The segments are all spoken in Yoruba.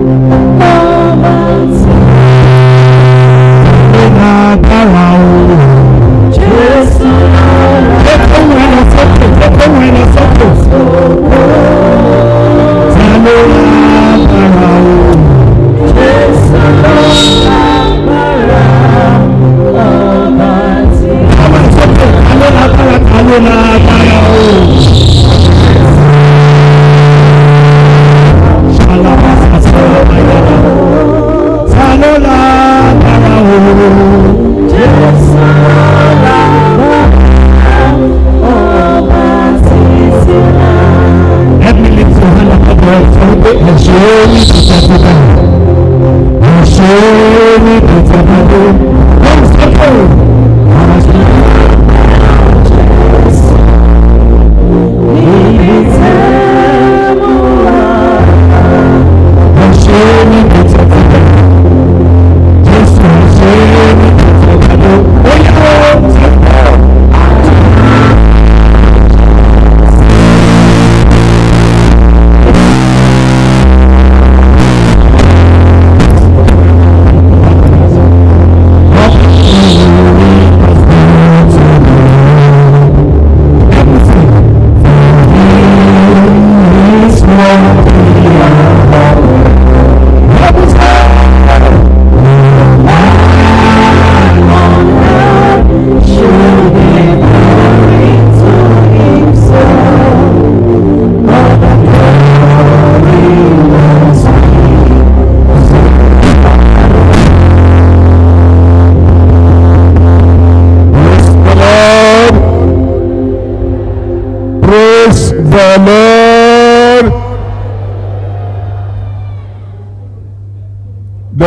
Oh.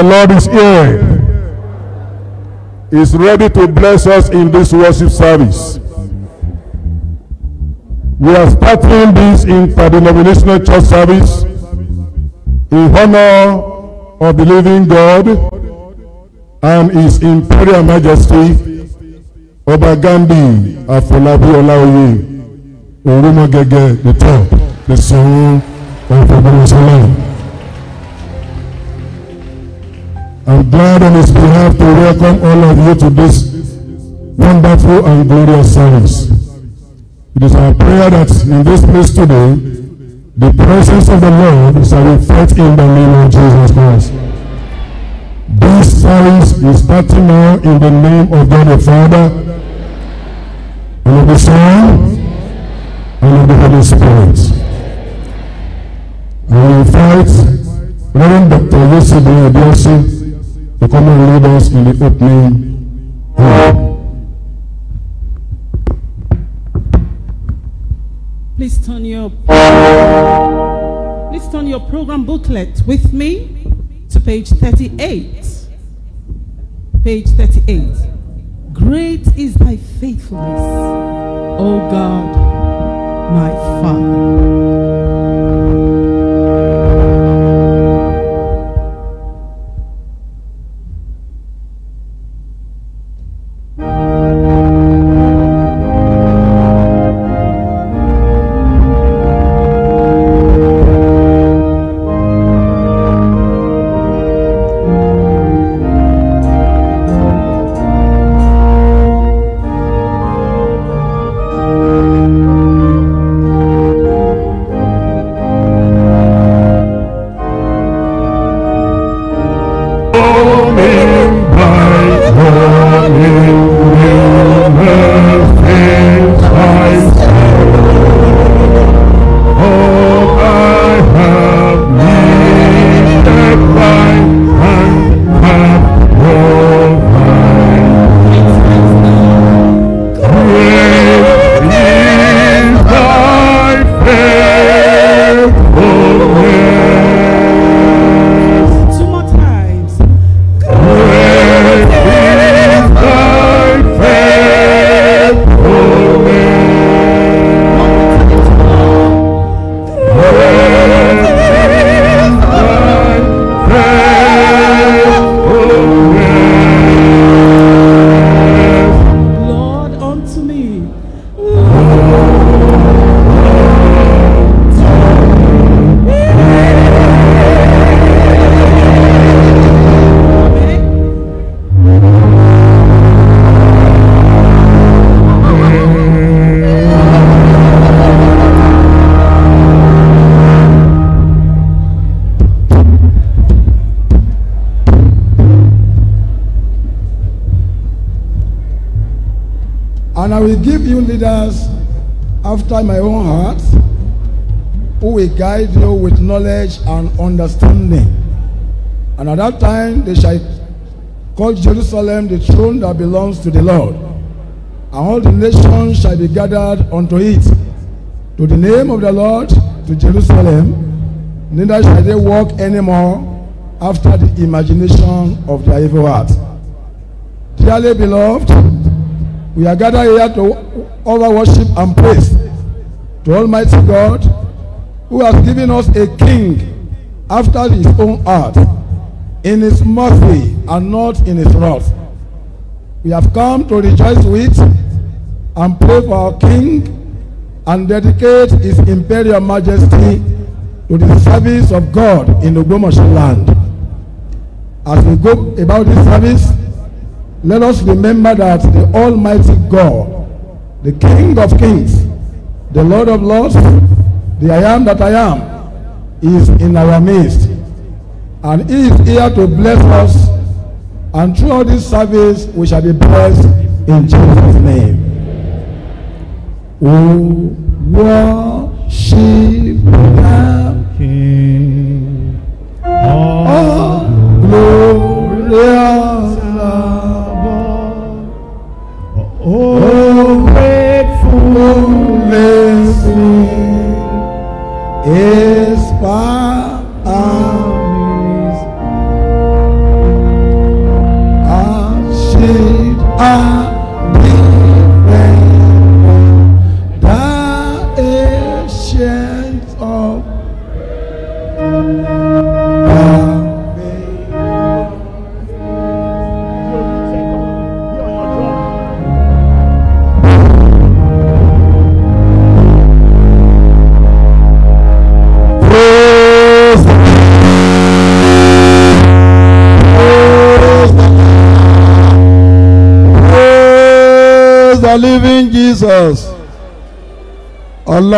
the Lord is here. He's ready to bless us in this worship service. We are starting this interdenominational church service in honor of the living God and His Imperial Majesty Oba Gandhi Afolabi Olaoye Orumagege the Third, the Son of the Ogunmọ̀sọ́lá. glad on his behalf to welcome all of you to this wonderful and glorious service. It is our prayer that in this place today, the presence of the Lord shall be felt in the name of Jesus Christ. This service is starting now in the name of God the Father, and of the Son, and of the Holy Spirit. I fight, Reverend Dr. Yosef Biodosi to come and lead us in the opening prayer. Please turn your please turn your program booklet with me to page 38. Page 38. Great is thy faithfulness, O God, my Father. leaders after my own heart who will guide you with knowledge and understanding. And at that time they shall call Jerusalem the throne that belongs to the Lord. And all the nations shall be gathered unto it. To the name of the Lord, to Jerusalem, neither shall they walk anymore after the imagination of their evil heart. Dearly beloved, we are gathered here to Our worship and praise to Almighty God who has given us a king after his own heart in his mercy and not in his wrath. We have come to rejoice with and pray for our king and dedicate his imperial majesty to the service of God in the Ogbomoso land. As we go about this service, let us remember that the Almighty God the King of kings, the Lord of lords, the I am that I am, is in our midst. And he is here to bless us. And throughout this service, we shall be blessed in Jesus' name. Oh, wow.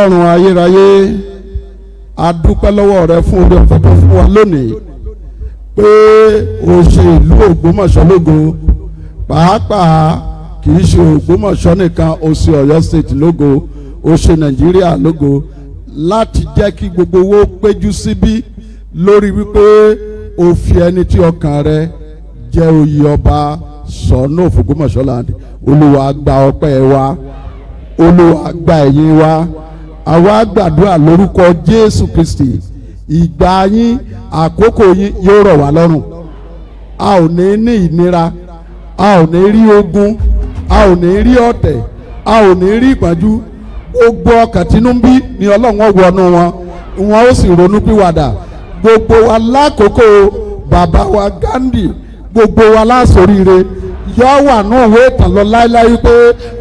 ọlọ́run ayérayé a dúpẹ́ lọ́wọ́ rẹ fún orí ọ̀fẹ́ tó fún wa lónìí pé o ṣe ìlú Ògbómọ̀ṣọ́ lógo pàápàá kì í ṣe Ògbómọ̀ṣọ́ nìkan o ṣe Ọ̀yọ́ state lógo o ṣe Nàìjíríà lógo láti jẹ́ kí gbogbo owó péjú síbí lórí wípé o fi ẹni tí ọkàn rẹ jẹ́ oyè ọba sọ̀nù Ògbómọ̀ṣọ́ láàdì olúwa ọpẹ́ wa olúwa gba ẹ̀yìn wa. Olúwa, wa. àwa gbàdúrà lórúkọ Jésù Kristi ìgbà yín àkókò yín yóò rọ̀ wá lọ́rùn a ò ní ní ìnira a ò ní rí ogun a ò ní rí ọ̀tẹ̀ a ò ní rí ìpọ́njú gbogbo ọkàn tínú ń bí ni Ọlọ́run wọnú wọn wọn ó sì ronú pìwàdà gbogbo wa lákòókò bàbá wa Gandhi gbogbo wa lásoríire yọ wà náà wé tàn lọ láéláé pé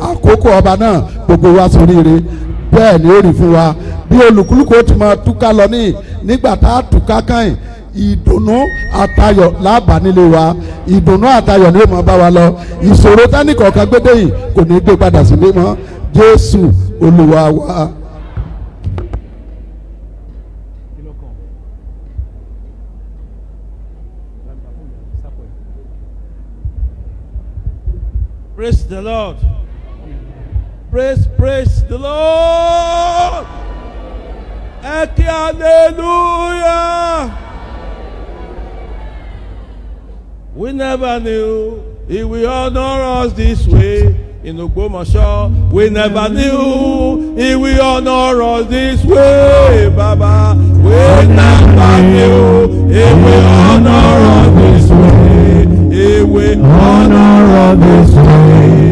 àkókò ọba náà gbogbo wa soríire bẹ́ẹ̀ ni ó rí fún wa bí olùkúlùkù ó ti máa túká lọ ní nígbà tá a túká káyìn ìdùnnú àtayọ̀ lábàá nílé wa ìdùnnú àtayọ̀ ni ó máa bá wa lọ ìṣòro tánìkọ̀ọ̀kan gbédè yìí kò ní gbé padà sílé mọ́ Jésù Olúwa wa. Praise the Lord. Praise, praise the Lord. Eke hallelujah. We never knew he will honor us this way in Ogbomoso. We never knew he will honor us this way, Baba. We never knew he will honor us this way. He will honor us this way.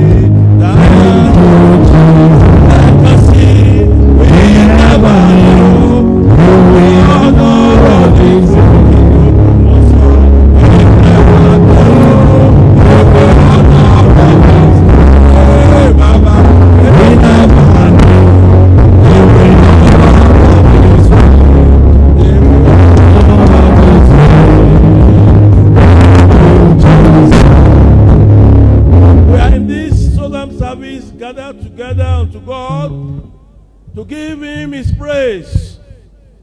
to give him his praise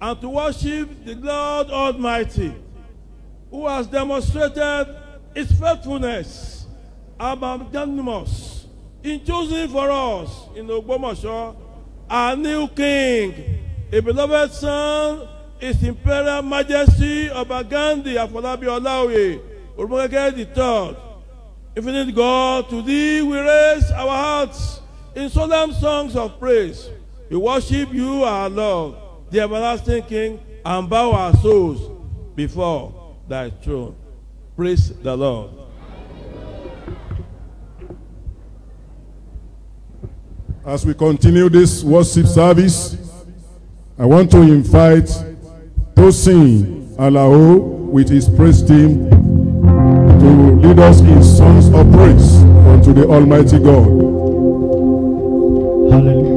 and to worship the Lord Almighty, who has demonstrated his faithfulness magnanimous in choosing for us in Ogbomoso a new king, a beloved son, His Imperial Majesty Oba Gandhi Afolabi Olawe the III. Infinite God, to Thee we raise our hearts in solemn songs of praise. We worship you, our Lord, the everlasting King, and bow our souls before thy throne. Praise the Lord. As we continue this worship service, I want to invite Tosin Alao with his praise team to lead us in songs of praise unto the Almighty God. Hallelujah.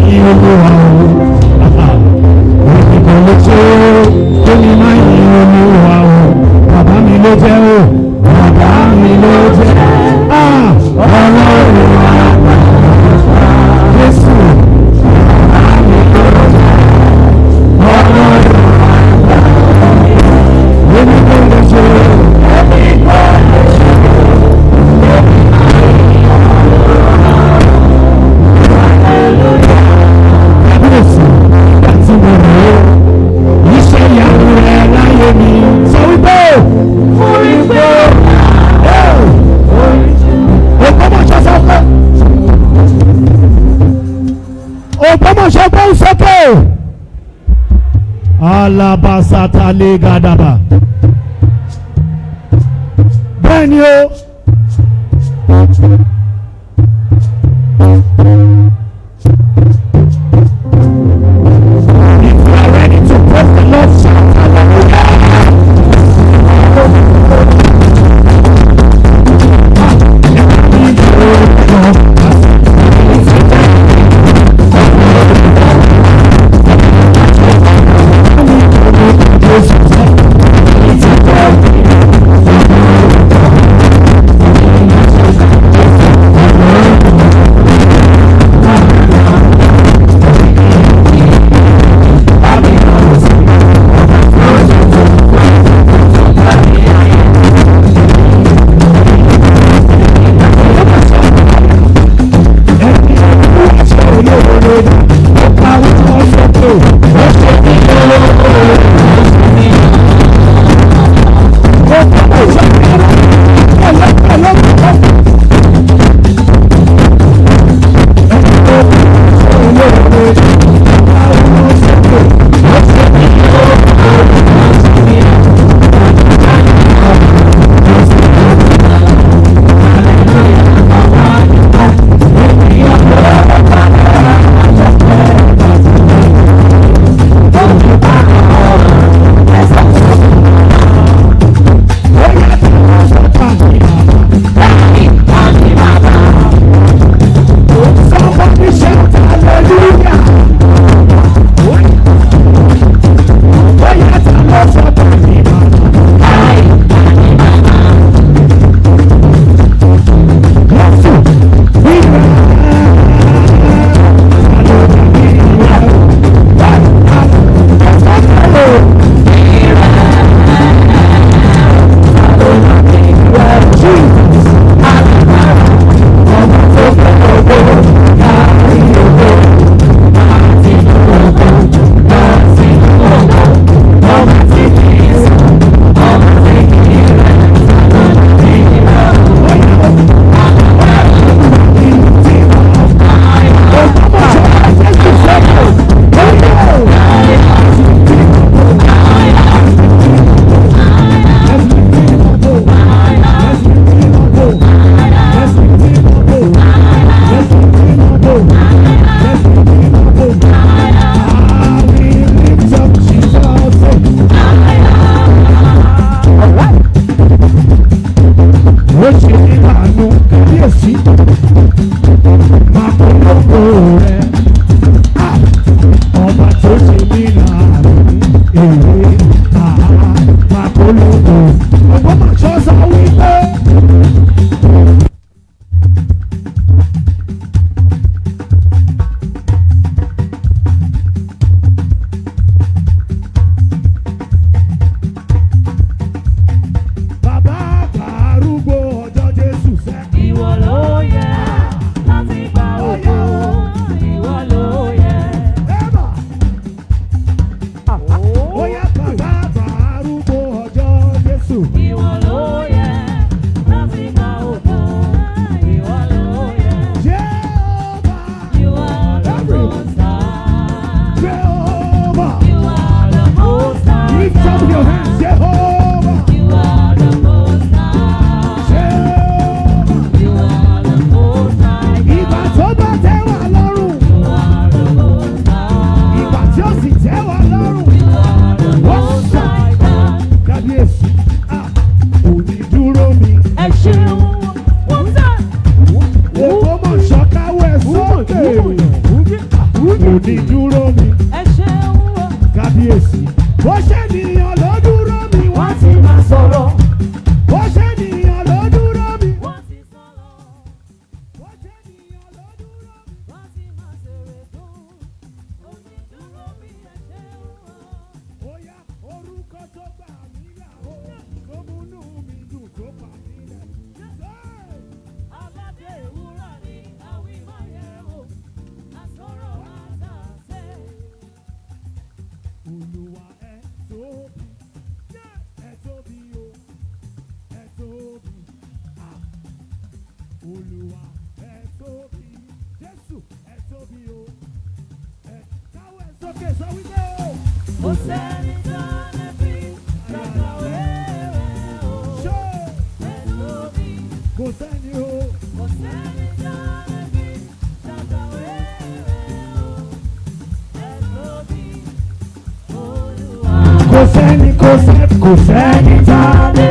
olúwa o òkìkọ̀ ló tó ní máa yìn olúwa o bàbá mi ló jẹ́ o. ale gadaba. kò sẹ́ni tá a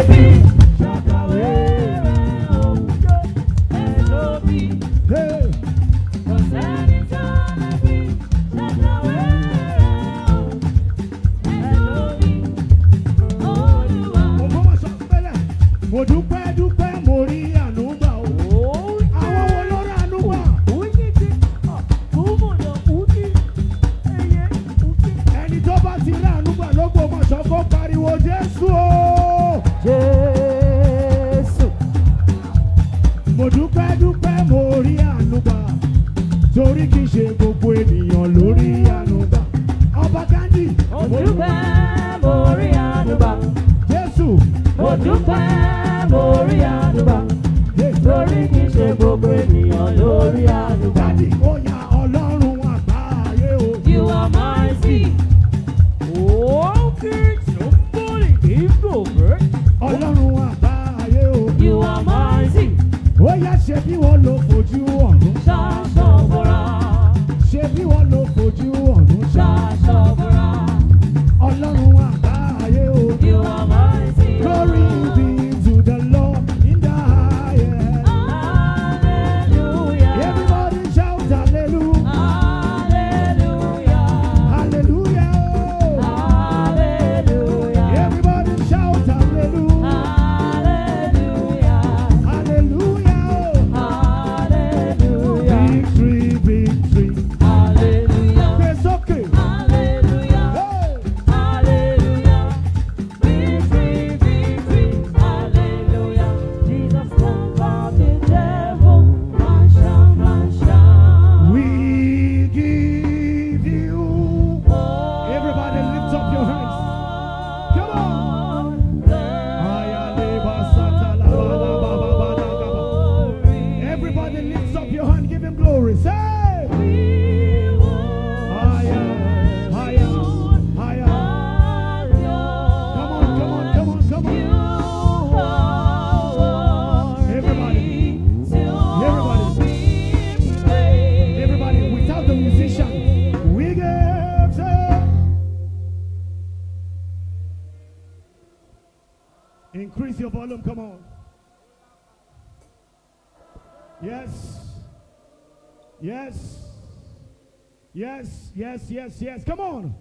Yes, yes, yes. Come on.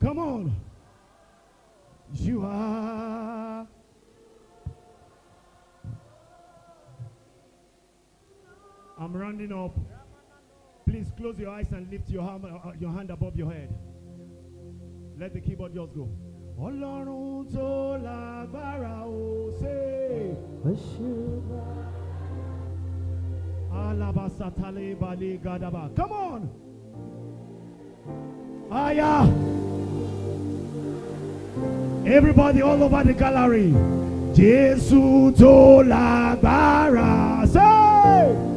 Come on. You are. I'm rounding up. Please close your eyes and lift your, uh, your hand above your head. Let the keyboard just go. Ọlọ́run tó Come on. Aya. Everybody all over the gallery. Jesus tó lágbára. Say.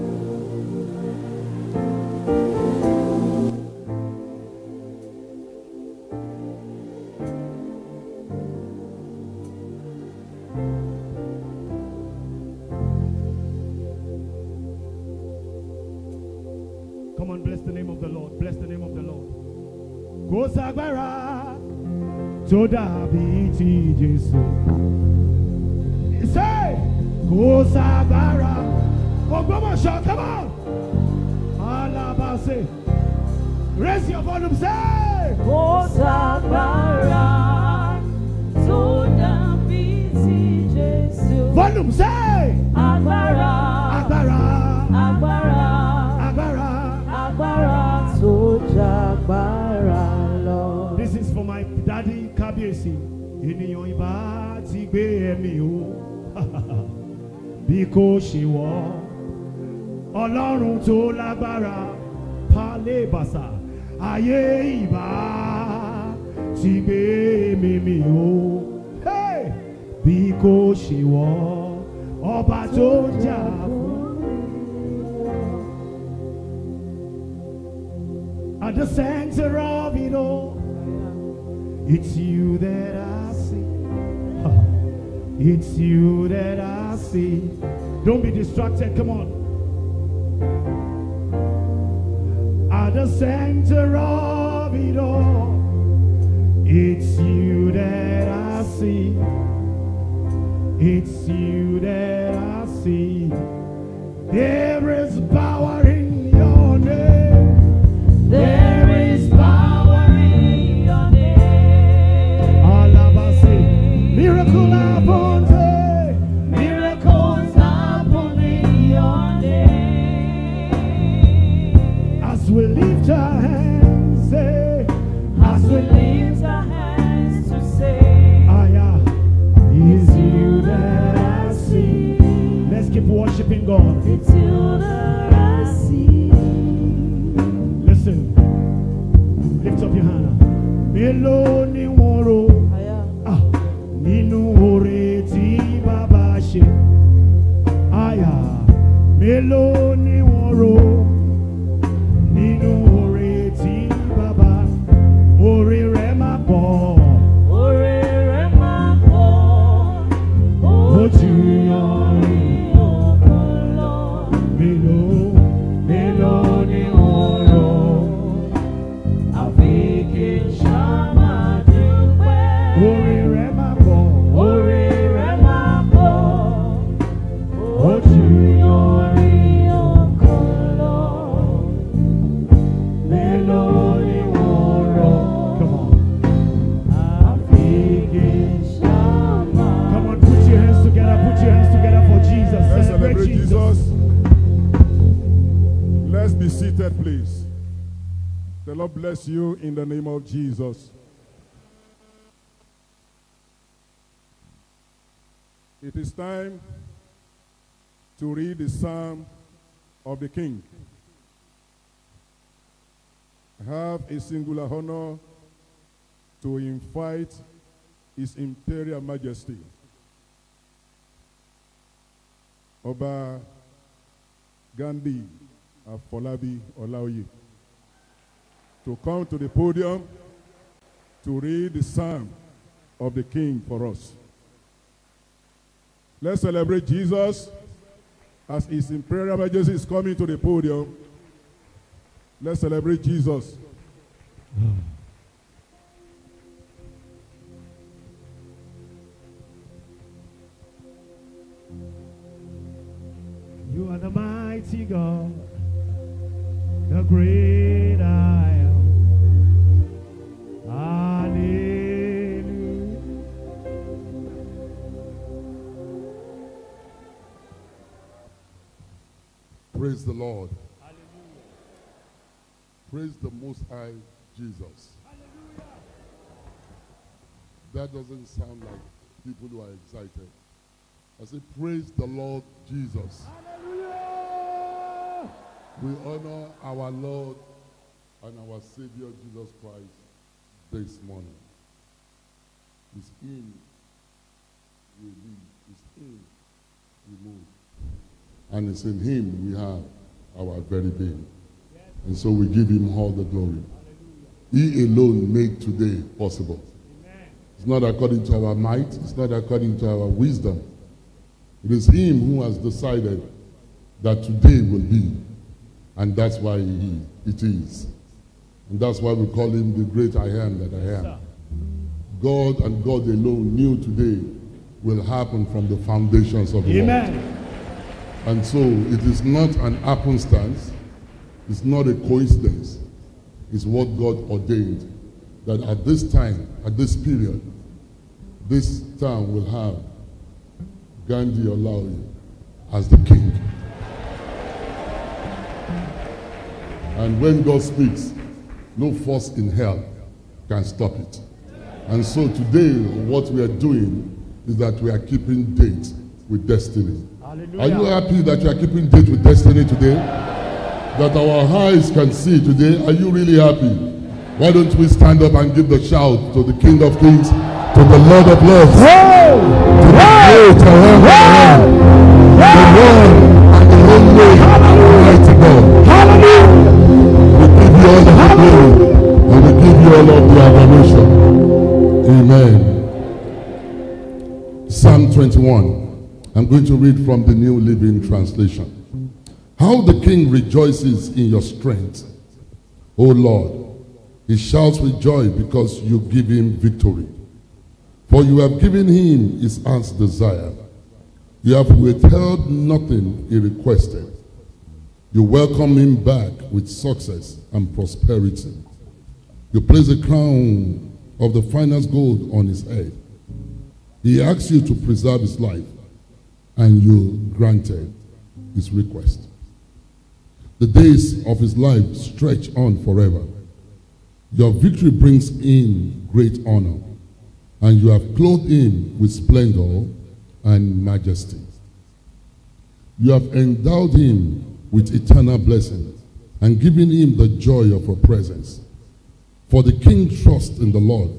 tó dàbí ti Jésù. Ṣé come on, Ògbómọ̀ṣọ́ come on alabase raise your volume say. go sabara. tó dàbí Jesus. Volume say. ènìyàn ìbá ti gbé ẹ̀mí o bí kò ṣe wọ́ ọlọ́run tó lágbára palẹ̀ bàṣà ayé ìbá ti gbé ẹ̀mí mi o bí kò ṣe wọ́ ọba tó jà At the center of it all, it's you that I. It's you that I see. Don't be distracted. Come on. At the center of it all, it's you that I see. It's you that I see. There is power in God. Listen, lift up your hand. Hello. The Lord bless you in the name of Jesus. It is time to read the psalm of the king. I have a singular honor to invite his imperial majesty, Oba Gandhi Afolabi Olaoye to come to the podium to read the psalm of the King for us. Let's celebrate Jesus as His Imperial Majesty is coming to the podium. Let's celebrate Jesus. You are the mighty God, the great I Praise the Lord. Hallelujah. Praise the Most High Jesus. Hallelujah. That doesn't sound like people who are excited. I say, praise the Lord Jesus. Hallelujah. We honor our Lord and our Savior Jesus Christ this morning. It's Him we live. It's Him we move. And it's in him we have our very being. And so we give him all the glory. He alone made today possible. It's not according to our might. It's not according to our wisdom. It is him who has decided that today will be. And that's why he, it is. And that's why we call him the great I am that I am. God and God alone knew today will happen from the foundations of the Amen. world. And so it is not an happenstance, it's not a coincidence, it's what God ordained that at this time, at this period, this town will have Gandhi Olaoye as the king. And when God speaks, no force in hell can stop it. And so today, what we are doing is that we are keeping date with destiny. Hallelujah. Are you happy that you are keeping date with destiny today? That our eyes can see today? Are you really happy? Why don't we stand up and give the shout to the King of Kings, to the Lord of Lords, hey! to the Great I am, hey! the Lord and the Holy Mighty God. Hallelujah. We give you all the glory and we give you all of the adoration. Amen. Psalm 21. I'm going to read from the New Living Translation. How the king rejoices in your strength, O Lord. He shouts with joy because you give him victory. For you have given him his heart's desire. You have withheld nothing he requested. You welcome him back with success and prosperity. You place a crown of the finest gold on his head. He asks you to preserve his life and you granted his request. The days of his life stretch on forever. Your victory brings in great honor, and you have clothed him with splendor and majesty. You have endowed him with eternal blessings and given him the joy of your presence. For the king trusts in the Lord.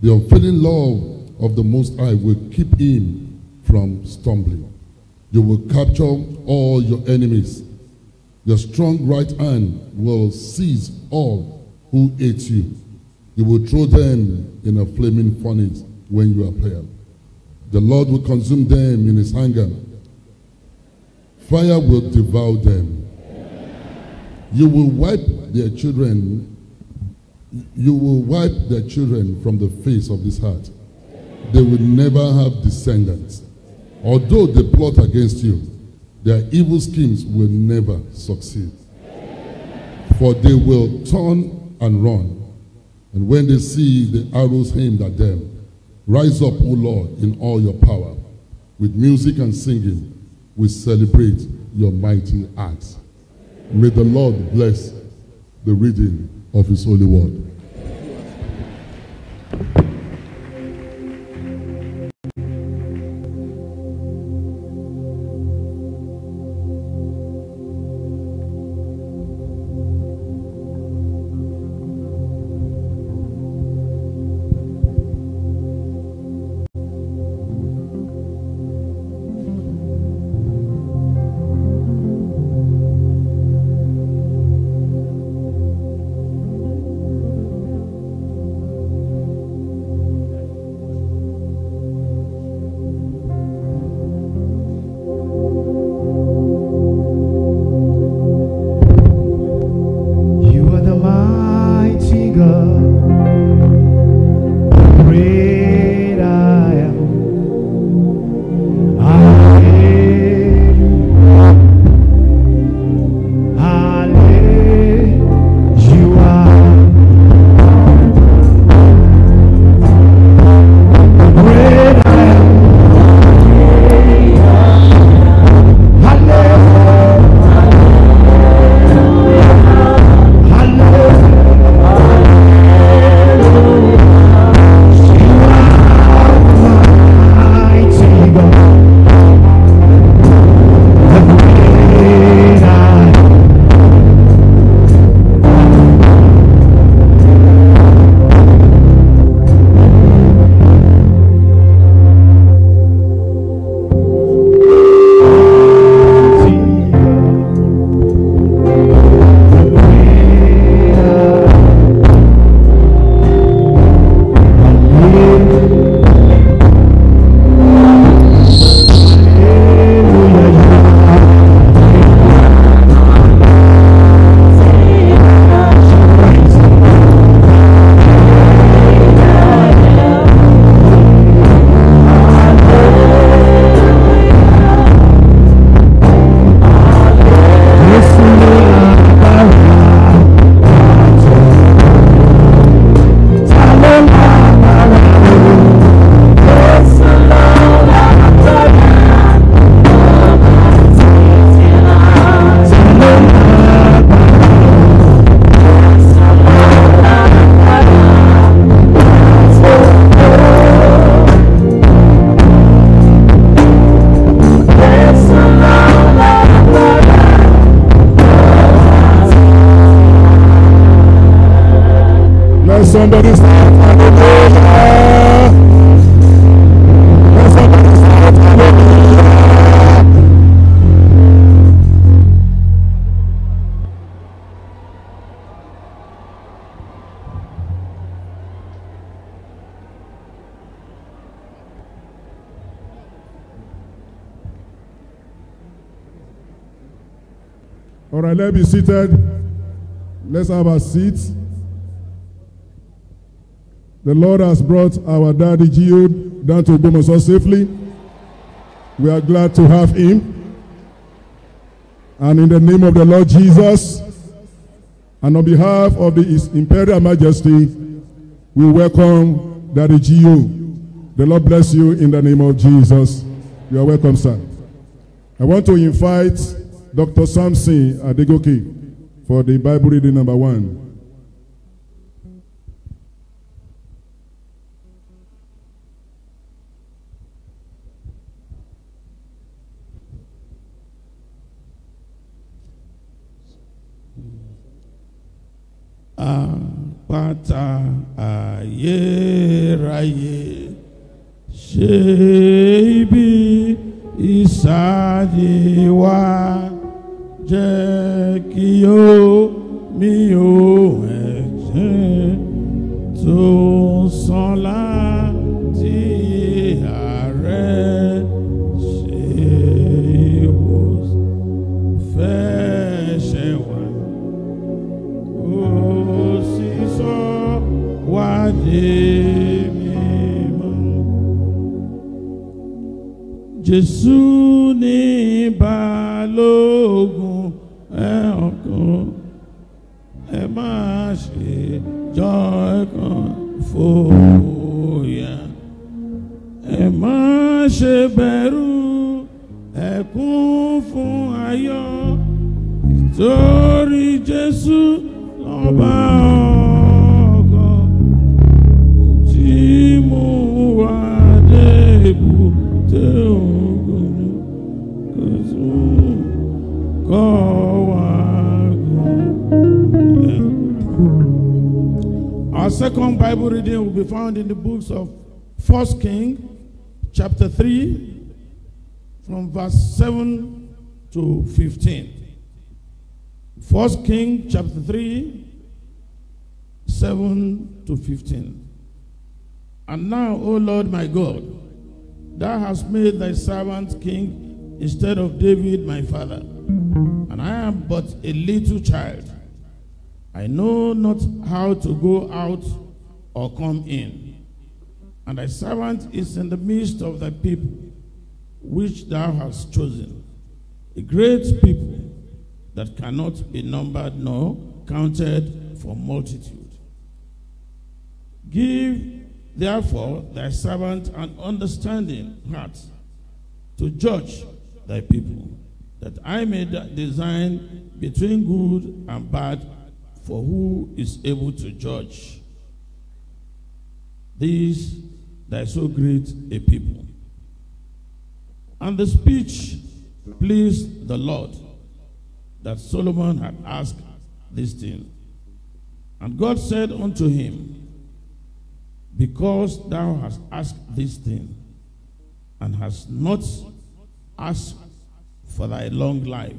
The unfailing love of the Most High will keep him from stumbling. You will capture all your enemies. Your strong right hand will seize all who hate you. You will throw them in a flaming furnace when you appear. The Lord will consume them in his anger. Fire will devour them. You will wipe their children. You will wipe their children from the face of this heart. They will never have descendants. Although they plot against you, their evil schemes will never succeed. For they will turn and run. And when they see the arrows aimed at them, rise up, O Lord, in all your power. With music and singing, we celebrate your mighty acts. May the Lord bless the reading of his holy word. seated. Let's have our seats. The Lord has brought our daddy Geo down to Gomoso safely. We are glad to have him. And in the name of the Lord Jesus, and on behalf of the, His Imperial Majesty, we welcome Daddy Geo. The Lord bless you in the name of Jesus. You are welcome, sir. I want to invite Dr. Samson Adegoke for the Bible reading number one. jẹ́ kí ó mi ò ẹ̀jẹ̀ tó ń san láti ààrẹ ṣe ìwòsàn fẹsẹ̀ wá kó sì sọ wádìí mímọ́ Jésù. Bible reading will be found in the books of First King, chapter 3, from verse 7 to 15. First King, chapter 3, 7 to 15. And now, O Lord my God, thou hast made thy servant king instead of David my father, and I am but a little child. I know not how to go out or come in. And thy servant is in the midst of thy people, which thou hast chosen, a great people that cannot be numbered nor counted for multitude. Give therefore thy servant an understanding heart to judge thy people, that I may design between good and bad, for who is able to judge? These thy so great a people. And the speech pleased the Lord that Solomon had asked this thing. And God said unto him, Because thou hast asked this thing, and hast not asked for thy long life,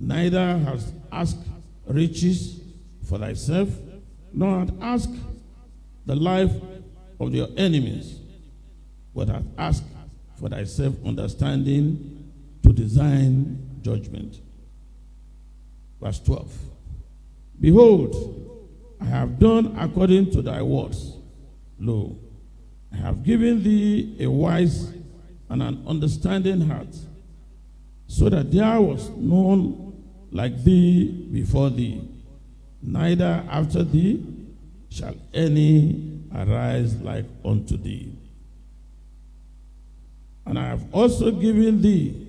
neither hast asked riches for thyself, nor hast asked the life of your enemies, but hath asked for thyself understanding to design judgment. Verse 12 Behold, I have done according to thy words. Lo, I have given thee a wise and an understanding heart, so that there was none like thee before thee, neither after thee shall any arise like unto thee. And I have also given thee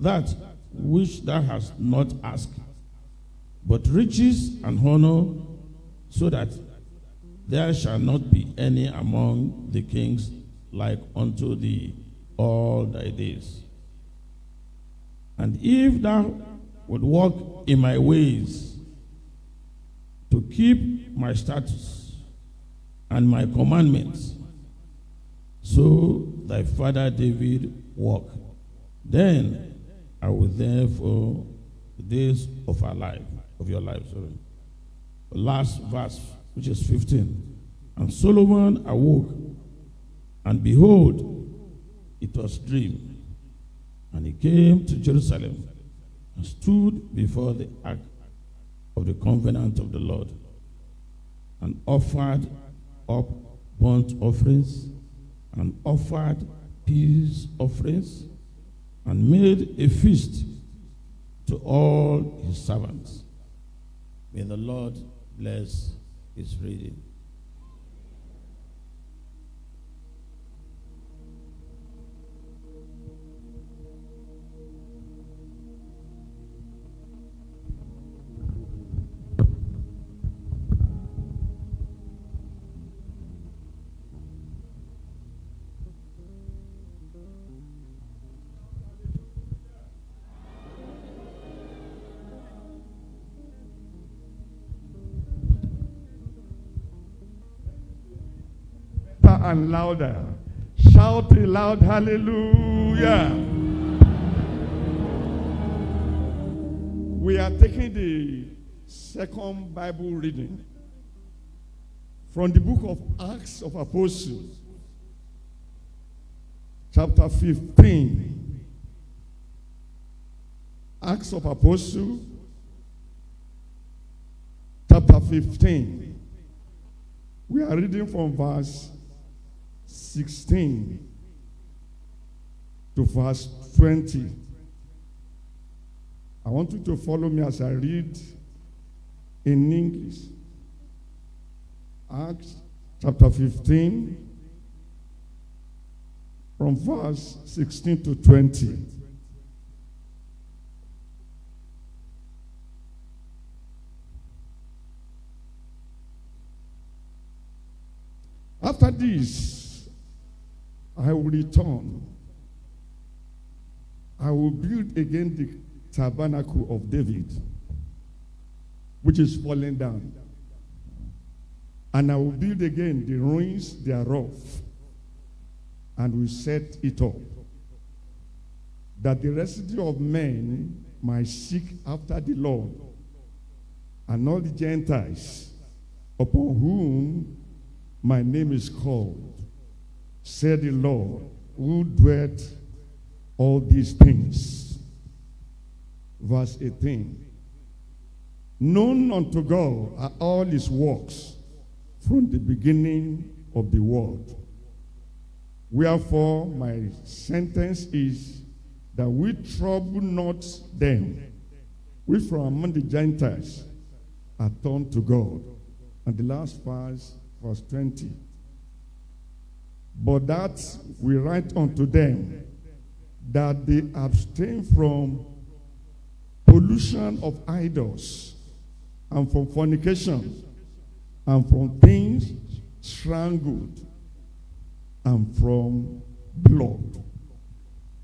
that which thou hast not asked, but riches and honor, so that there shall not be any among the kings like unto thee all thy days. And if thou would walk in my ways, to keep my statutes and my commandments. So thy father David walked. Then I will therefore the days of our life, of your life, sorry. The last verse, which is 15. And Solomon awoke, and behold, it was dream. And he came to Jerusalem and stood before the ark of the covenant of the Lord, and offered up burnt offerings, and offered peace offerings, and made a feast to all his servants. May the Lord bless his reading. and louder. Shout a loud hallelujah. We are taking the second Bible reading from the book of Acts of Apostles, chapter 15. Acts of Apostles, chapter 15. We are reading from verse 16 to verse 20. I want you to follow me as I read in English. Acts chapter 15 from verse 16 to 20. After this, I will return. I will build again the tabernacle of David, which is fallen down. And I will build again the ruins thereof, and will set it up, that the residue of men might seek after the Lord, and all the Gentiles upon whom my name is called said the Lord, who dwelt all these things. Verse 18. Known unto God are all his works from the beginning of the world. Wherefore, my sentence is that we trouble not them, which from among the Gentiles are turned to God. And the last verse, verse 20. But that we write unto them that they abstain from pollution of idols and from fornication and from things strangled and from blood.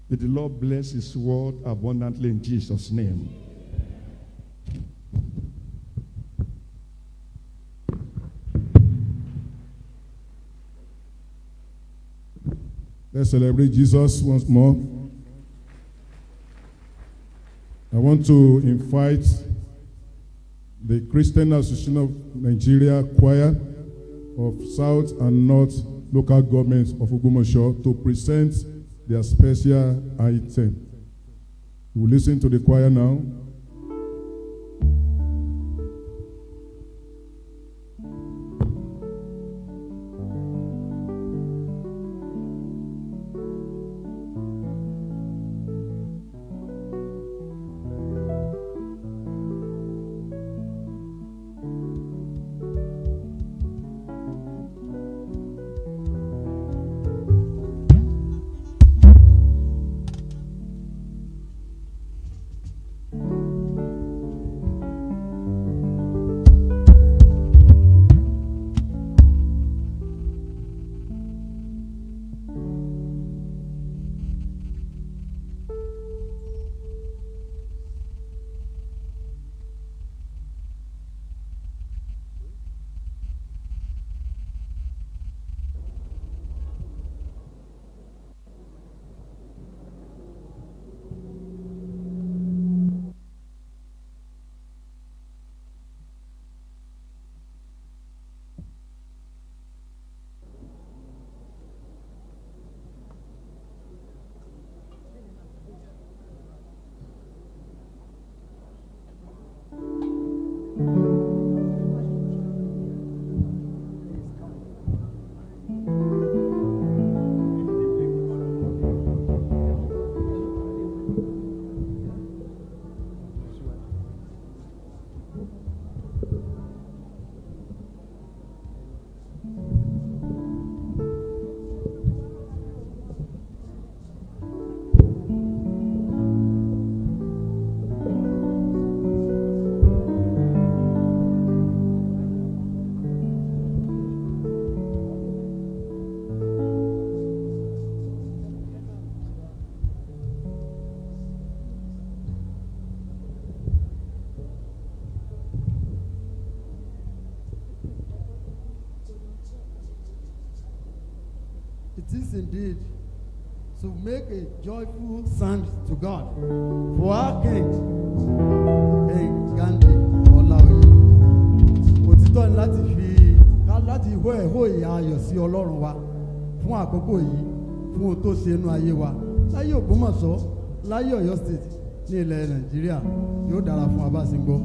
May the Lord bless his word abundantly in Jesus' name. Let's celebrate Jesus once more. I want to invite the Christian Association of Nigeria Choir of South and North Local Governments of Ogumosho to present their special item. We will listen to the choir now. indeed to make a joyful sound to God for our King King Gandhi Ọláoyè òtítọ́ ni láti fi láti hó ẹ̀hó ìyá ayọ̀ sí Ọlọ́run wa fún àkókò yìí fún ohun tó ṣe inú ayé wa láyé Ògbómọ̀ṣọ́ láyé Ọ̀yọ́ state ní ilẹ̀ Nàìjíríà yóò dára fún abá sí gbọ́.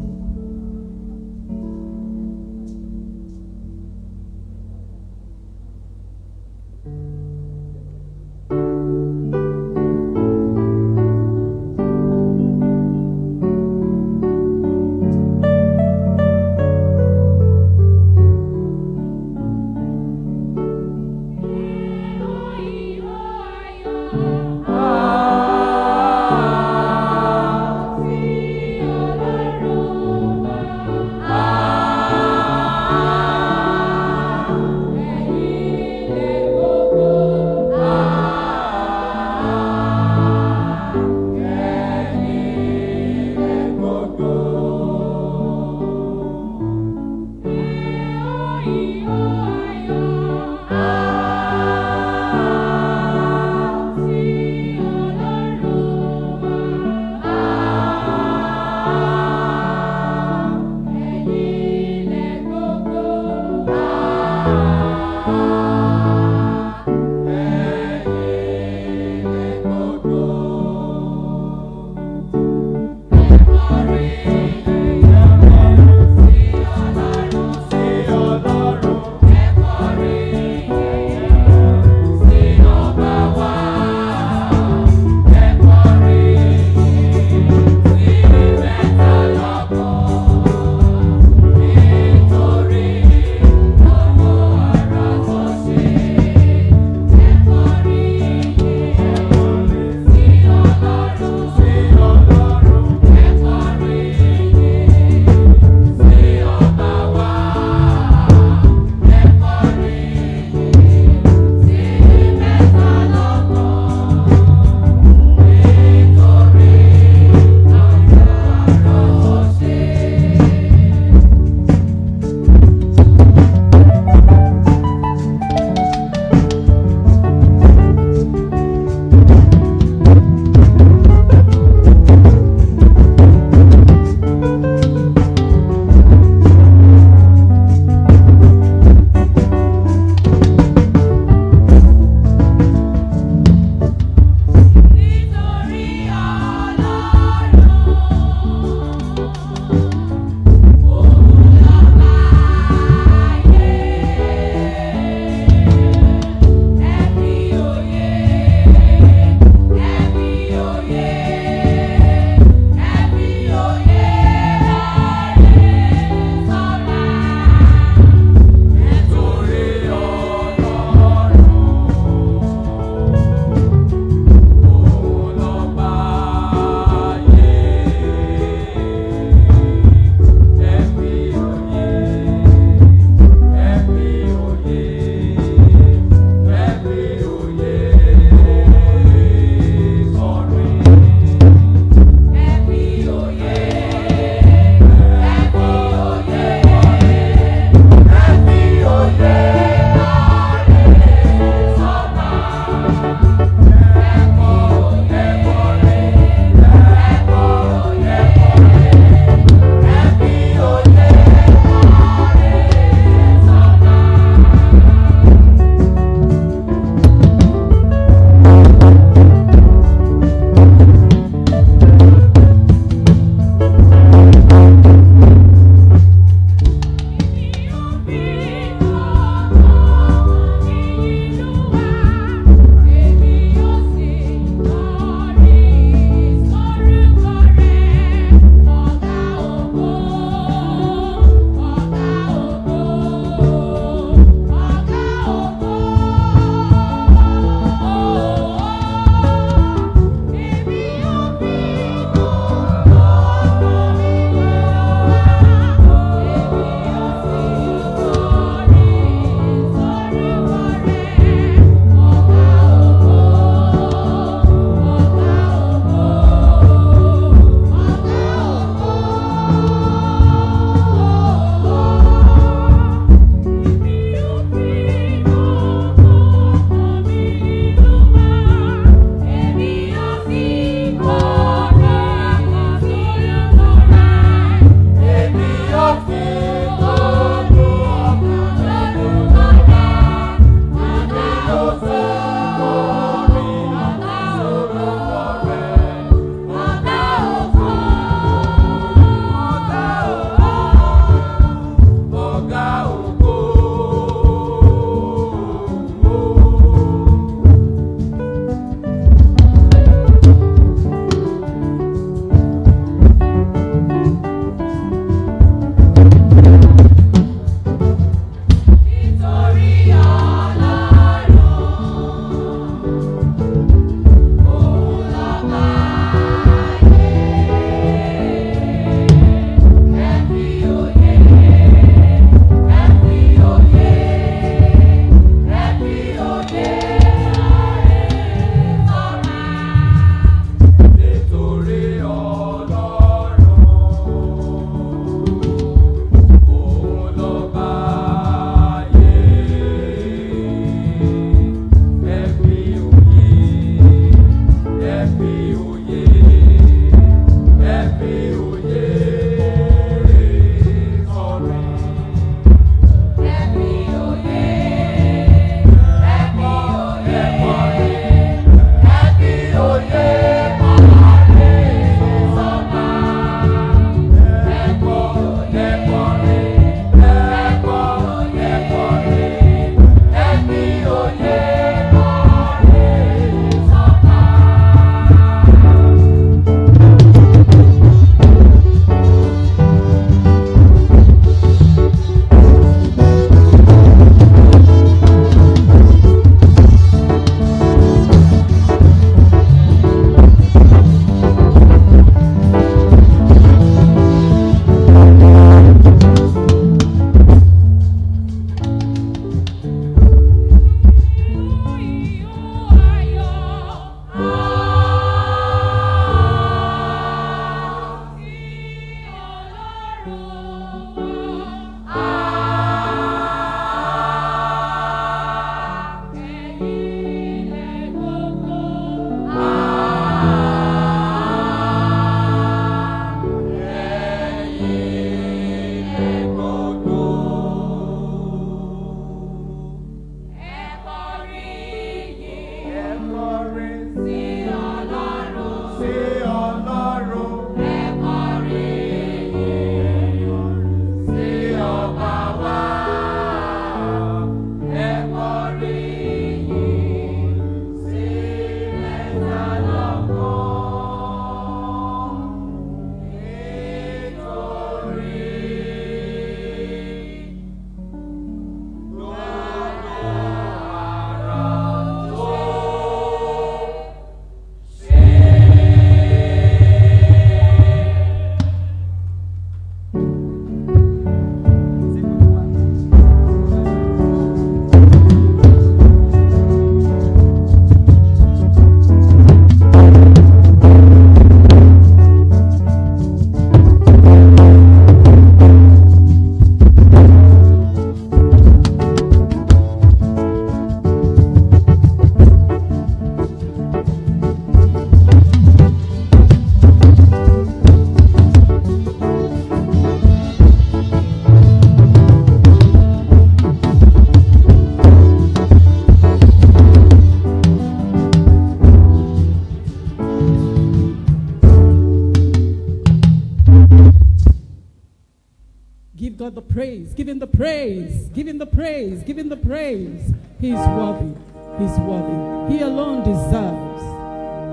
praise, give him the praise, give him the praise, give him the praise. He is worthy, he is worthy. He alone deserves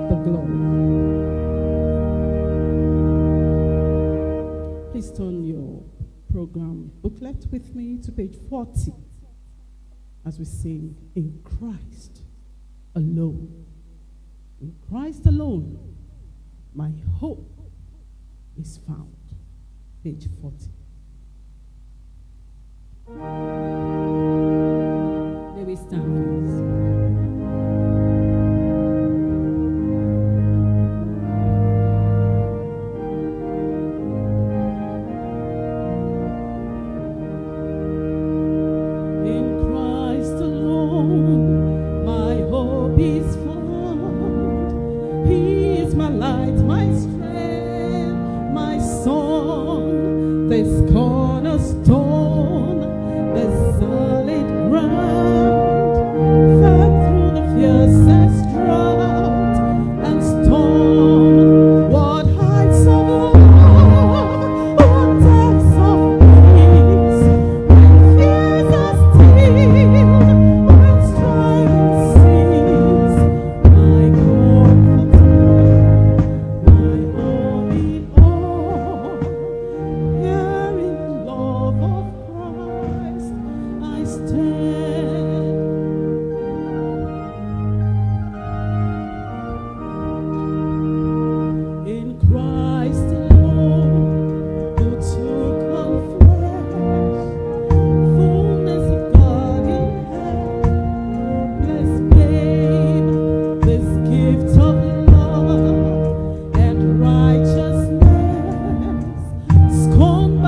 the glory. Please turn your program booklet with me to page 40 as we sing, In Christ alone. In Christ alone, my hope is found. Page 40. They we stand.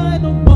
I don't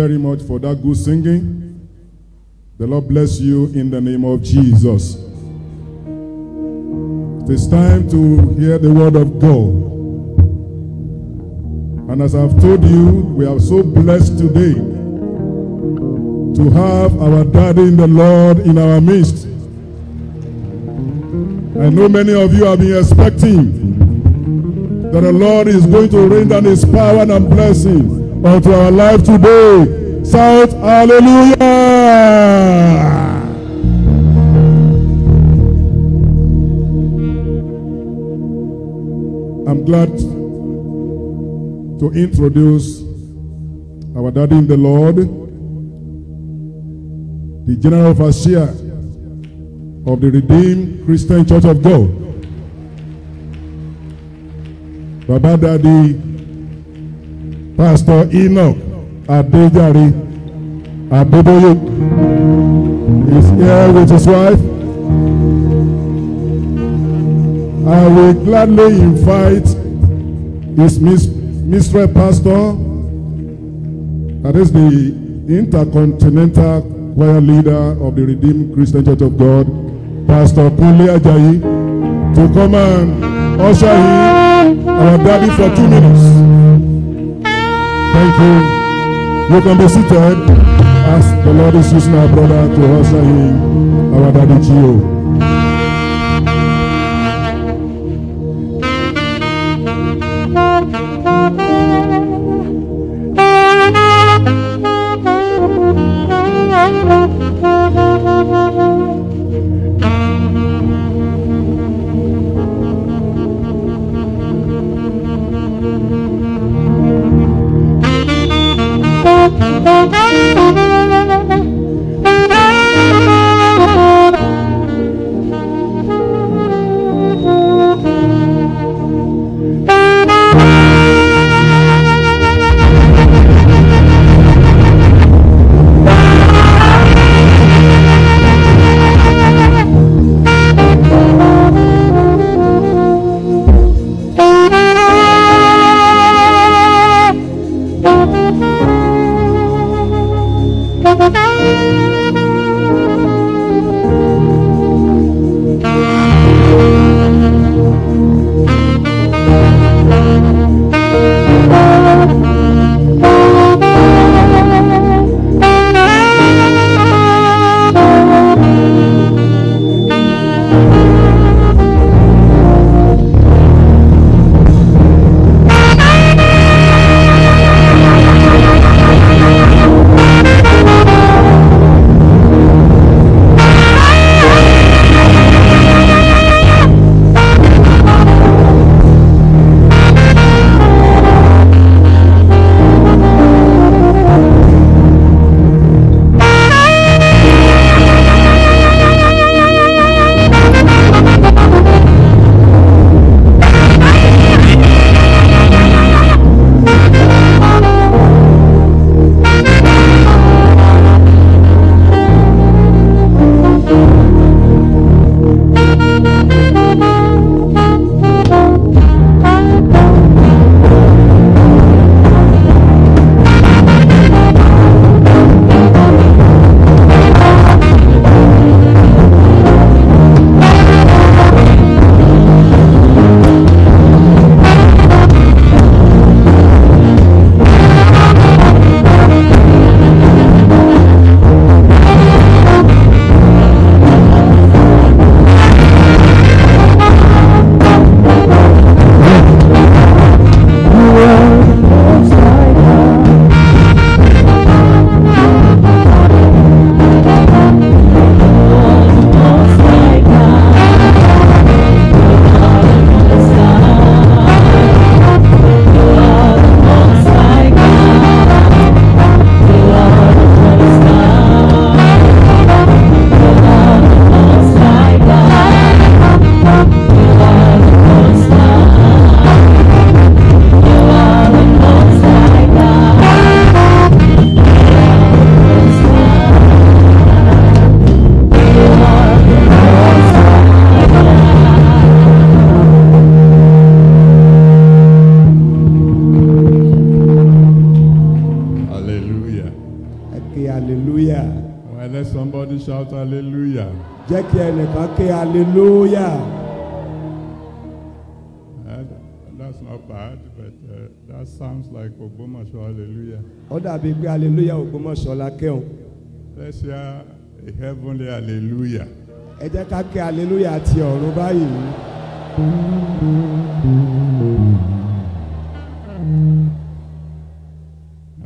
very much for that good singing. The Lord bless you in the name of Jesus. It is time to hear the word of God. And as I've told you, we are so blessed today to have our daddy in the Lord in our midst. I know many of you have been expecting that the Lord is going to rain down his power and blessings. unto our life today. Shout hallelujah. I'm glad to introduce our daddy in the Lord, the general overseer of the Redeemed Christian Church of God. Baba Daddy Pastor Enoch Adejari Adeboye is here with his wife. I will gladly invite his mistress pastor, that is the intercontinental choir leader of the Redeemed Christian Church of God, Pastor Kunle Ajayi, to come and usher him our daddy for two minutes. Thank you. You can be seated as the Lord is using our brother to usher him, our daddy Gio. Hallelujah. That's not bad, but uh, that sounds like Ogbomoso hallelujah. Oda dàbí pé hallelujah Ogbomoso la kẹ́hùn. Let's hear a heavenly hallelujah. Ẹ jẹ́ ká kẹ́ hallelujah ti ọ̀run báyìí.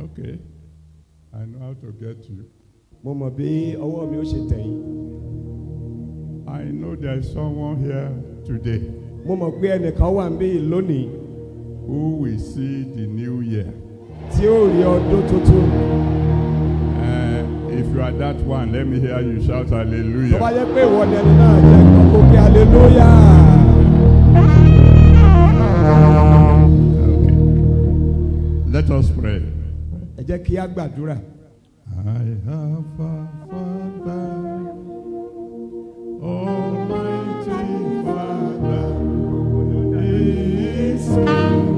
Okay, I know how to get you. Mo mọ̀ bí ọwọ́ mi ó ṣe tẹ̀yìn. I know there is someone here today. Mo mọ̀ pé ẹnìkan wà níbí lónìí. Who will see the new year? Tí ó rí ọdún tuntun. Eh, if you are that one, let me hear you shout hallelujah. Tó yẹ pé ìwọ ni ẹni náà jẹ́ kókó kí hallelujah. Okay. Let us pray. Ẹ jẹ́ kí á gbàdúrà. I have a father. Almighty Father is good.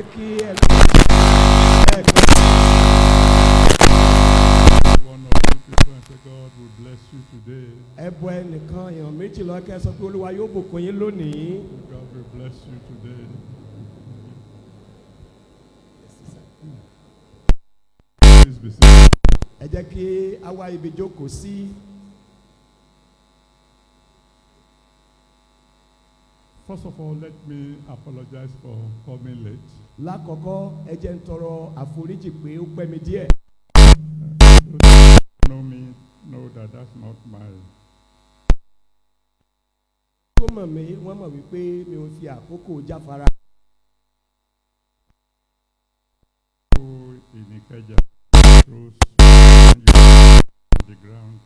fẹ́ kí ẹ̀rọ ẹ̀kọ́. Ẹ̀bọ ẹnìkan èèyàn méjì lọ́kẹ́ sọ pé Olúwa yóò bùkún yín lónìí. God will bless you today. Ẹ jẹ́ kí a wá ibi jókòó sí. First of all, let me apologize for coming late lákọ̀ọ́kọ́ ẹ ń tọrọ àforíjì pé ó pẹ́ mi díẹ̀. know me know that that's not my. tó mọ̀ mí wọ́n mọ̀ wípé mi ò fi àkókò jáfara. ó ìníkẹjà throws on the ground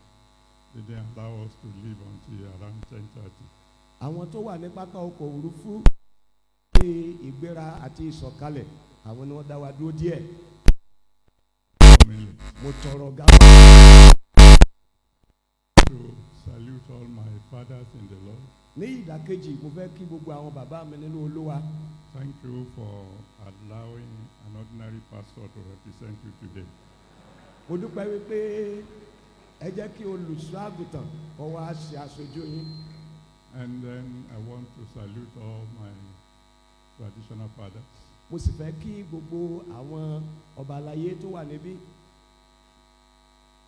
they allow us to leave until around ten thirty. àwọn tó wà ní pápá ọkọ̀ òfurufú ìgbéra àti ìsọ̀kalẹ̀ àwọn ni wọ́n dá wa dúró díẹ̀ mo tọrọ gáwá. to salute all my fathers in the Lord. ní ìdàkejì mo fẹ́ kí gbogbo àwọn bàbá mi nínú Olúwa. Thank you for allowing an ordinary pastor to represent you today. mo dúpẹ́ wípé ẹ jẹ́ kí olùṣọ́ ọwọ́ àṣẹ aṣojú yín. And then I want to salute all my traditional fathers. mo sì fẹ́ kí gbogbo àwọn ọba aláyé tó wà níbí.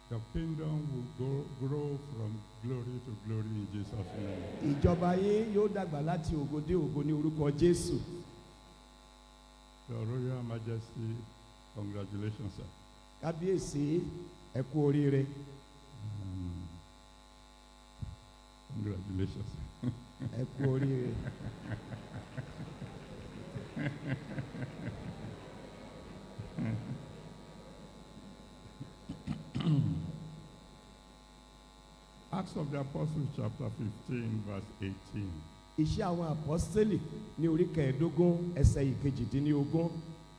The kingdom will go, grow from glory to glory in Jesus' name. Ìjọba ayé yóò dàgbà láti ògo dé ògo ní orúkọ Jésù. Your Royal Majesty, congratulations, sir. Kábíyèsí, ẹ kú oríire. Mm. Congratulations. Ẹ kú oríire. Acts of the Apostles chapter fifteen verse eighteen. Iṣẹ́ àwọn àpọ́sítélì ní orí kẹẹ̀ẹ́dógún ẹsẹ̀ ìkejìdínlógún.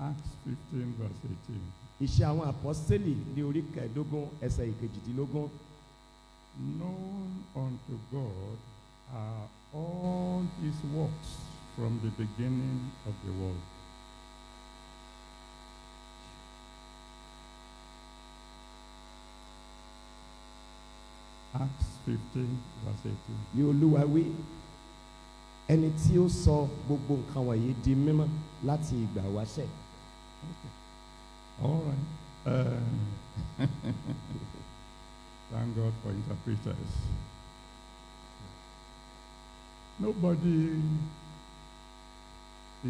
Acts fifteen verse eighteen. Iṣẹ́ àwọn àpọ́sítélì ní orí kẹẹ̀ẹ́dógún ẹsẹ̀ ìkejìdínlógún. Known unto God are all his works. from the beginning of the world. Acts 15, verse 18. Ní Olúwa wí, ẹni tí ó sọ gbogbo nǹkan wọ̀nyí di mímọ́ láti ìgbà wáṣẹ̀. All right. Uh, thank God for interpreters. Nobody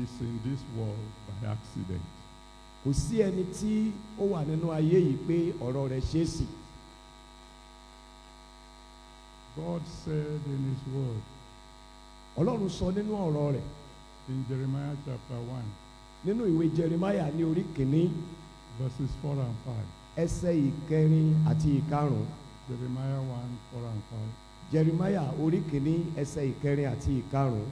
is in this world by accident. Kò sí ẹni tí ó wà nínú ayé yìí pé ọ̀rọ̀ rẹ̀ ṣe é sì. God said in his word. Ọlọ́run sọ nínú ọ̀rọ̀ rẹ̀. In Jeremiah chapter one. Nínú ìwé Jeremiah ní orí kìíní. Verses four and five. Ẹsẹ̀ ìkẹrin àti ìkarùn-ún. Jeremiah one four and five. Jeremiah orí kìíní ẹsẹ̀ ìkẹrin àti ìkarùn-ún.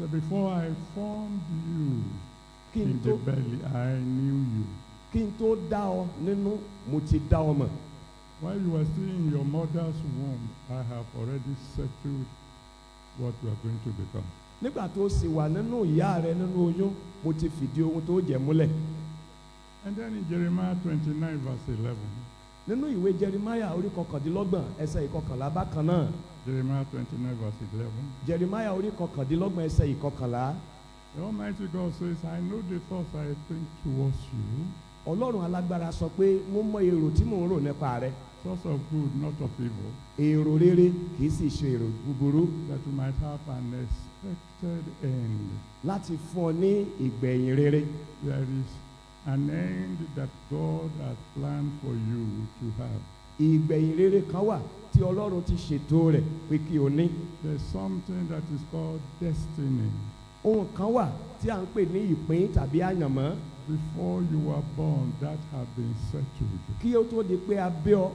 So before I formed you in the belly, I knew you. Kí n tó dá ọ nínú, mo ti dá ọ mọ̀. While you were still in your mother's womb, I have already settled what you are going to become. Nígbà tó sì wà nínú ìyá rẹ nínú oyún, mo ti fìdí ohun tó jẹ́ múlẹ̀. And then in Jeremiah twenty-nine verse eleven. Nínú ìwé Jeremiah orí kọkàndínlọ́gbọ̀n ẹsẹ̀ ìkọkànlá bákan náà. Jeremiah twenty nine verse eleven. Jeremiah orí kọkàndínlọ́gbọ̀n ẹsẹ̀ ìkọkànlá. The Almighty God says, I know the thoughts I think towards you. Ọlọ́run alágbára sọ pé mo mọ èrò tí mò ń rò nípa rẹ. Thoughts of good, not of evil. Èrò rere kì í sì ṣe èrò búburú. That you might have an expected end. Láti fún ọ ní ìgbẹ̀yìn rere. There is an end that God has planned for you to have ìgbẹ̀yìn rere kan wà tí Ọlọ́run ti ṣètò rẹ̀ pé kí o ní. there is something that is called destiny. ohun kan wà tí a ń pè ní ìpín tàbí àyànmọ́. before you were born that had been settled. kí o tó di pé a bí ọ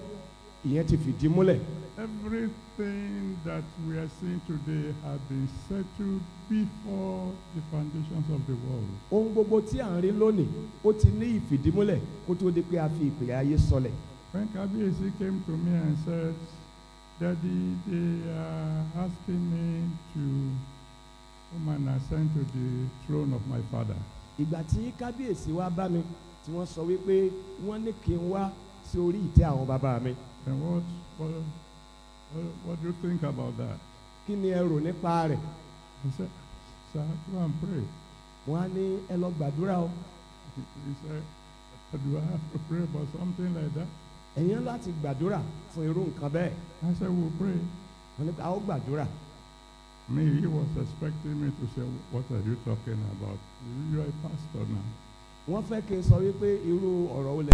ìyẹn ti fìdí múlẹ̀. everything that we are seeing today had been settled before the foundations of the world. ohun gbogbo tí à ń rí lónìí ó ti ní ìfìdímúlẹ̀ kó tó di pé a fi ìpè ayé sọlẹ̀. When Kabiesi came to me and said, Daddy, they are asking me to come and ascend to the throne of my father. Ìgbà tí Kábíyèsí wá bá mi tí wọ́n sọ wípé wọ́n ní kí n wá sí orí ìtẹ́ àwọn bàbá mi. And what, what, what do you think about that? Kí ni ẹ rò nípa rẹ̀? He said, Sir, go and pray. Wọ́n á ní ẹ lọ gbàdúrà o. He said, Do I have to pray for something like that? ẹ̀yin láti gbàdúrà fún irú nǹkan bẹ́ẹ̀. I said we we'll pray. wọ́n ní ká ó gbàdúrà. Me, he was expecting me to say, what are you talking about? You are a pastor now. Wọ́n fẹ́ kí n sọ wípé irú ọ̀rọ̀ olè.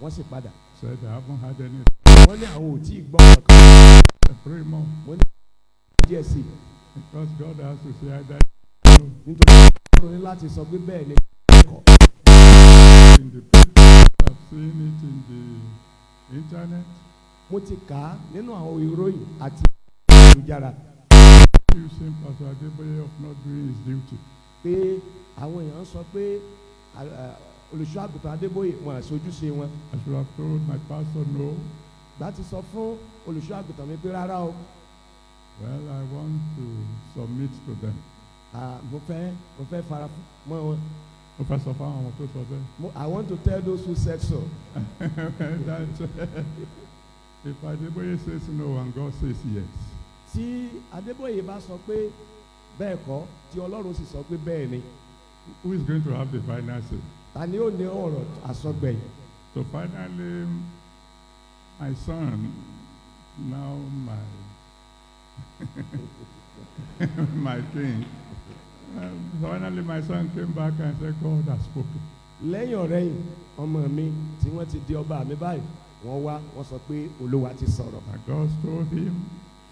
Wọ́n sì padà. Said I haven't had any. Wọ́n ní àwọn ò tí ì gbọ́ ọ̀kan. Three more. Mo ní ìdí díẹ̀ sí i. Because God has to say either lójú nítorí ó ní láti sọ pé bẹ́ẹ̀ ni ẹ̀kọ́. the papers I've seen it in the internet. mo ti kà á nínú àwọn ìròyìn àti ìjára. pé àwọn èèyàn sọ pé olùṣọ́ àgùntàn Adébóyè wọn àṣojúṣe wọn. I should have told my pastor no. láti sọ fún olùṣọ́ àgùntàn mi pé rárá o. Well, I want to submit to them. Ah, mo fẹ́ mo fẹ́ fara mọ́ wọn. mo fẹ́ sọ fún àwọn tó sọ bẹ́ẹ̀. I want to tell those who said so. if Adeboye says no and God says yes. tí Adeboye bá sọ pé bẹ́ẹ̀ kọ́ tí Ọlọ́run sì sọ pé bẹ́ẹ̀ ni. who is going to have the finances? say? ta ni ó ní ọ̀rọ̀ àsọgbẹ̀yìn. so finally my son now my my king finally my son came back and said God has spoken. lẹ́yìn ọ̀rẹ́yìn ọmọ mi tí wọ́n ti di ọba mi báyìí wọ́n wá wọ́n sọ pé olúwa ti sọ̀rọ̀. and God told him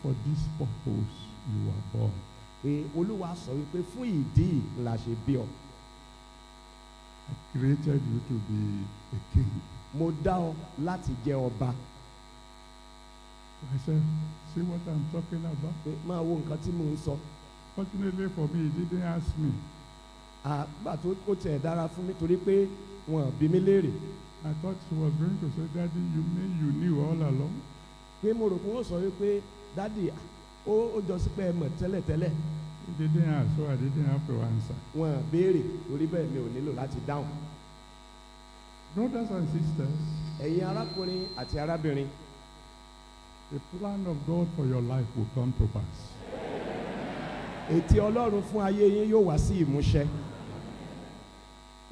for this purpose you were born. pé olúwa sọ wípé fún ìdí la ṣe bí ọ. I created you to be a king. mo dá ọ láti jẹ ọba. I said see what I'm talking about. pé máa wo nǹkan tí mò ń sọ fortunately for me he didn't ask me. àgbà tó kó tiẹ̀ dára fún mi torí pé wọ́n bí mi léèrè. I thought he was going to say daddy you mean you knew all along. pé mo rò pé wọ́n sọ wípé daddy ó ó jọ sí pé ẹ mọ̀ tẹ́lẹ̀tẹ́lẹ̀. he didn't ask so I didn't have to answer. wọ́n béèrè torí bẹ́ẹ̀ mi ò nílò láti dáhùn. brothers and sisters. ẹ̀yin arákùnrin àti arábìnrin. The plan of God for your life will come to pass ètí Ọlọ́run fún ayé yín yóò wá sí ìmúṣẹ.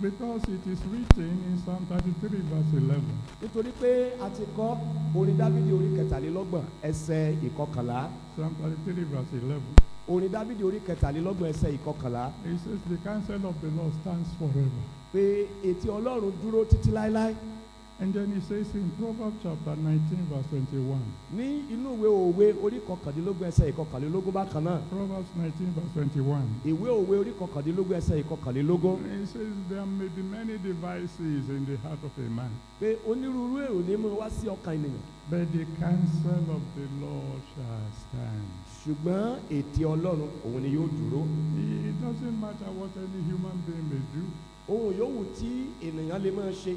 Because it is written in Psalm thirty-three verse eleven. Nítorí pé a ti kọ orin Dábìdì orí kẹtàlélọ́gbọ̀n ẹsẹ̀ ìkọkànlá. Psalm thirty-three verse eleven. Orin Dábìdì orí kẹtàlélọ́gbọ̀n ẹsẹ̀ ìkọkànlá. He says the counsel of the Lord stands forever. Pé ètí Ọlọ́run dúró títí láéláé. And then he says in Proverbs chapter 19 verse 21. Ní inú ìwé òwe orí kọkàndínlógún ẹsẹ̀ ìkọkànlélógún bákan náà. Proverbs 19 verse 21. Ìwé òwe orí kọkàndínlógún ẹsẹ̀ ìkọkànlélógún. He says there may be many devices in the heart of a man. Pé onírúurú èrò ní mú wá sí ọkàn ènìyàn. But the counsel of the Lord shall stand. Ṣùgbọ́n ète Ọlọ́run òun ni yóò dúró. It doesn't matter what any human being may do. Ohun yòówù tí ènìyàn lè máa ṣe.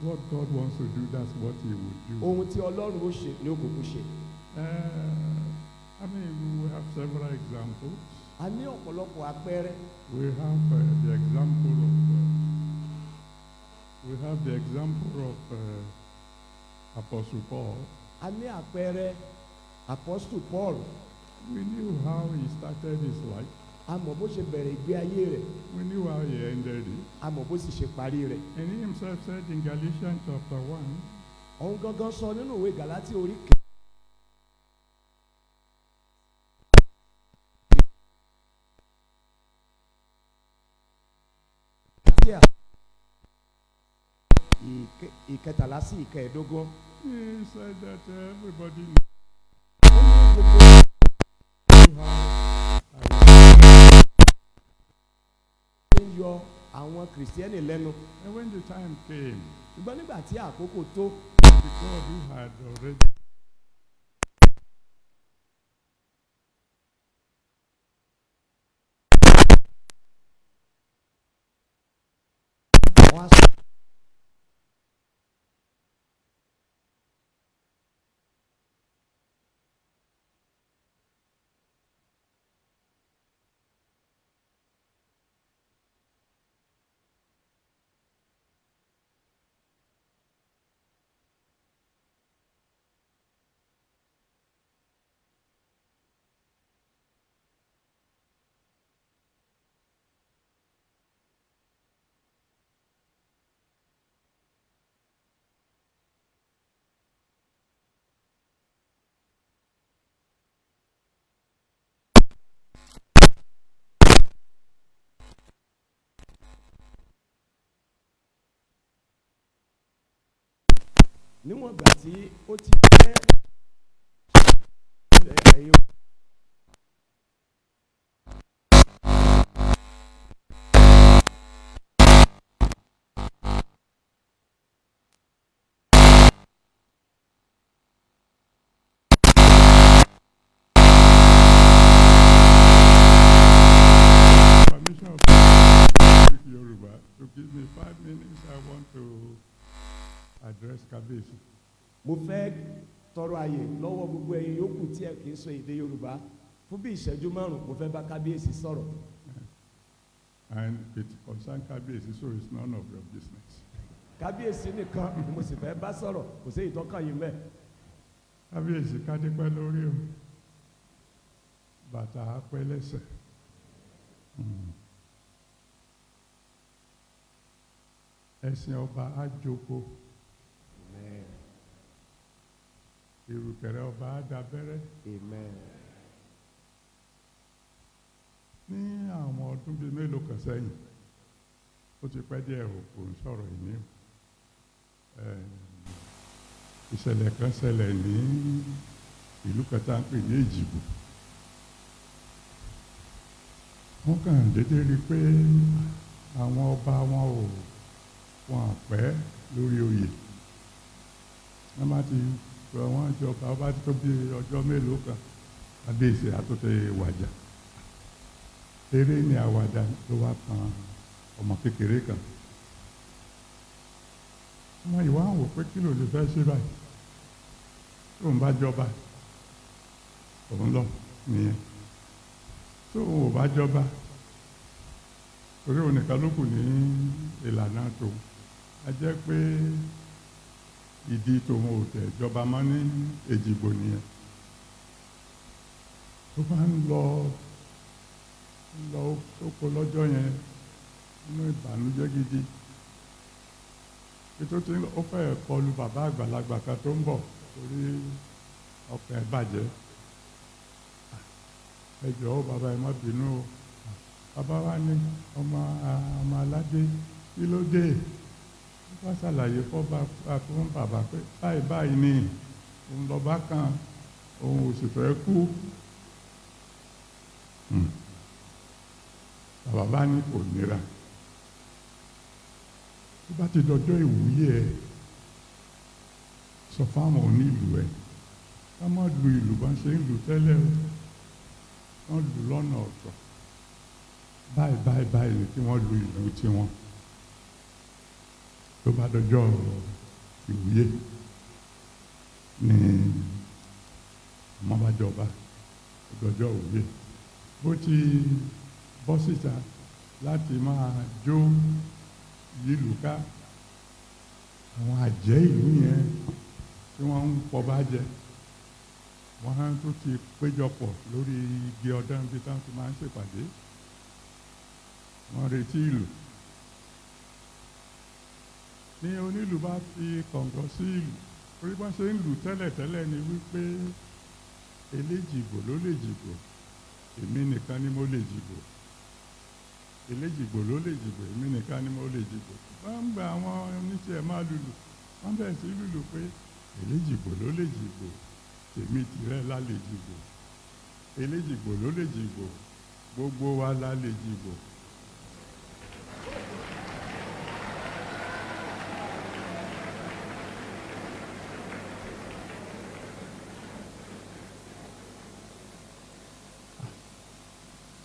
What God wants to do, that's what he would do. Ohun tí Ọlọ́run ó ṣe ni ó kúkú ṣe. Eh, I mean, we have several examples. A ní ọ̀pọ̀lọpọ̀ àpẹẹrẹ. We have uh, the example of uh, we have the example of uh, Apostle Paul. A ní àpẹẹrẹ Apostle Paul. We knew how he started his life a mọ̀ bó ṣe bẹ̀rẹ̀ ìgbé ayé rẹ̀. we knew how he ended it. a bó sì ṣe parí rẹ̀. and he himself said in Galatians chapter one. òun gangan sọ nínú ìwé Gàlátì orí kẹ. ìkẹtàlá sí ìkẹẹ̀dógún. he said that everybody. ó ń yọ àwọn kìrìsìtẹ́nì lẹ́nu. and when the time came. ṣùgbọ́n nígbà tí àkókò tó. the God who had already níwọ̀n ìgbà tí ó ti jẹ́ ẹ̀ka yìí. Give me five minutes. I want to address kábíyèsí. mo fẹ́ tọrọ àyè lọ́wọ́ gbogbo ẹ̀yin yòókù tí ẹ kì í sọ èdè yorùbá fún bí ìṣẹ́jú márùn-ún mo fẹ́ bá kábíyèsí sọ̀rọ̀. and it concern kábíyèsí so it's none of your business. kábíyèsí nìkan ni mo sì fẹ́ bá sọ̀rọ̀ kò sí ìtọ́kàn yìí mẹ́. kábíyèsí kádípẹ́ lórí o bàtà apẹ́ lẹ́sẹ̀. Hmm. ẹ̀sìn ọba á jókòó. erùpẹ̀rẹ̀ ọba á amen. ní àwọn ọdún bíi mélòó kan sẹ́yìn ó ti pẹ́ díẹ̀ òkú ń sọ̀rọ̀ ìní eh, ìṣẹ̀lẹ̀ kan ṣẹlẹ̀ ní ìlú kan tá à ń pè ní Èjìgbò wọ́n kàn déédéé rí i pé àwọn ọba wọn ò wọn àpẹ́ lórí oyè wọ́n bá ti rọ wọ́n jọba ọba tó bí ọjọ́ mélòó kan kábíyèsí àtúntò wàjà eré ni àwàdà ló wá kan ọmọ kékeré kan wọn ìwà ń wò pé kí ló lè fẹ́ ṣe báyìí tóun bá jọba òun lọ nìyẹn tóun ò bá jọba orí òun nìkan ló kù ní ìlànà tó a jẹ́ pé ìdí tòun ò tẹ̀ jọba mọ́ ní èjìgbò nìyẹn tó bá ń lọ ń lọ sóko lọ́jọ́ yẹn nínú ìbànújẹ́ gidi ètò tí ó fẹ́ kọlu bàbá àgbàlagbà kan tó ń bọ̀ torí ọkọ̀ ẹ̀ bàjẹ́ ẹ jọ̀ọ́ bàbá ẹ má bínú o bàbá wa ní ọmọ aládé kí ló dé wọ́n ṣàlàyé fún bàbá pé báyìí báyìí ni òun lọ́ba kan òun ò sì fẹ́ kú hmm. bàbá bá ní kò nira tó bá ti dọjọ́ ìwúyè ẹ sọ fáwọn onílù ẹ ká má lu ìlù bá ń ṣe ń lù tẹ́lẹ̀ o wọ́n lù lọ́nà ọ̀tọ̀ báyìí báyìí báyìí ni kí wọ́n lu ìlù tiwọn tó bá dọjọ́ ìwúyè ní mọ́bájọba dọjọ́ ìwúyè bó ti bọ́ síta láti máa jó yílù ká àwọn àjẹ́ ìlú yẹn tí wọ́n ń pọ̀ bá jẹ wọ́n tó ti péjọpọ̀ lórí igi ọdún bíi táwọn ti máa ń ṣèpàdé wọ́n retí ìlú ni onílù bá fi kọ̀ǹgọ̀ sí ìlù orí bá ṣe ń lù tẹ́lẹ̀tẹ́lẹ̀ ni wípé eléjìgbò ló lè jìgbò èmi nìkan ni mo lè jìgbò eléjìgbò ló lè jìgbò èmi nìkan ni mo lè jìgbò wọ́n ń gba àwọn oníṣẹ́ máa lùlù wọ́n bẹ̀rẹ̀ sí lùlù pé eléjìgbò ló lè jìgbò tèmi tìrẹ la lè jìgbò eléjìgbò ló lè jìgbò gbogbo wa la lè jìgbò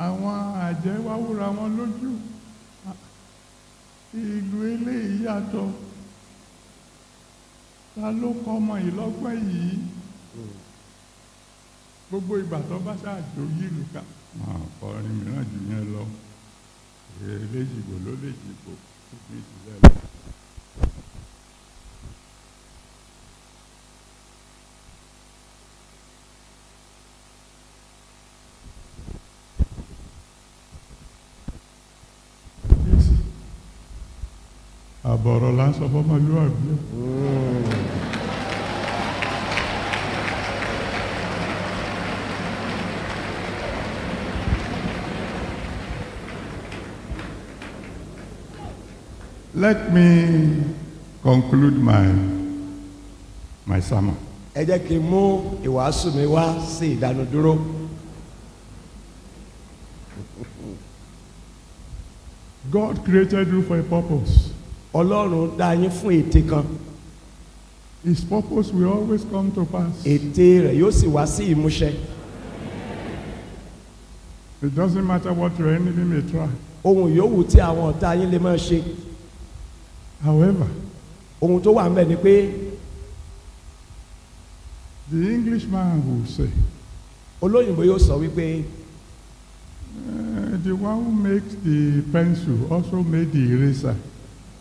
àwọn àjẹ́ wá wúra wọn lójú ìlú eléyìí yàtọ̀ ta ló kọ́ ọmọ ìlọ́gbọ́n yìí gbogbo ìgbà tó bá ṣáàjò yìí lù ká máa kọ orin mìíràn jù yẹn lọ èlé ìdìbò ló lè dìbò ó fi ìdílé lọ. àbọ̀rọ̀ là ń sọ fọ́mọlúwàbí. Let me conclude my my sermon. Ẹ jẹ́ kí n mú ìwàásù mi wá sí ìdánudúró. God created you for a purpose. Ọlọ́run dá yín fún ète kan. His purpose will always come to pass. Ète rẹ̀ yóò sì wá sí ìmúṣẹ. It doesn't matter what your enemy may try. Ohun yòówù tí àwọn ọ̀tá yín lè máa ṣe. However. Ohun tó wà ń bẹ̀ ni pé. The Englishman will say. Olóyìnbó yóò sọ wípé. Eh, the one who makes the pencil also made the eraser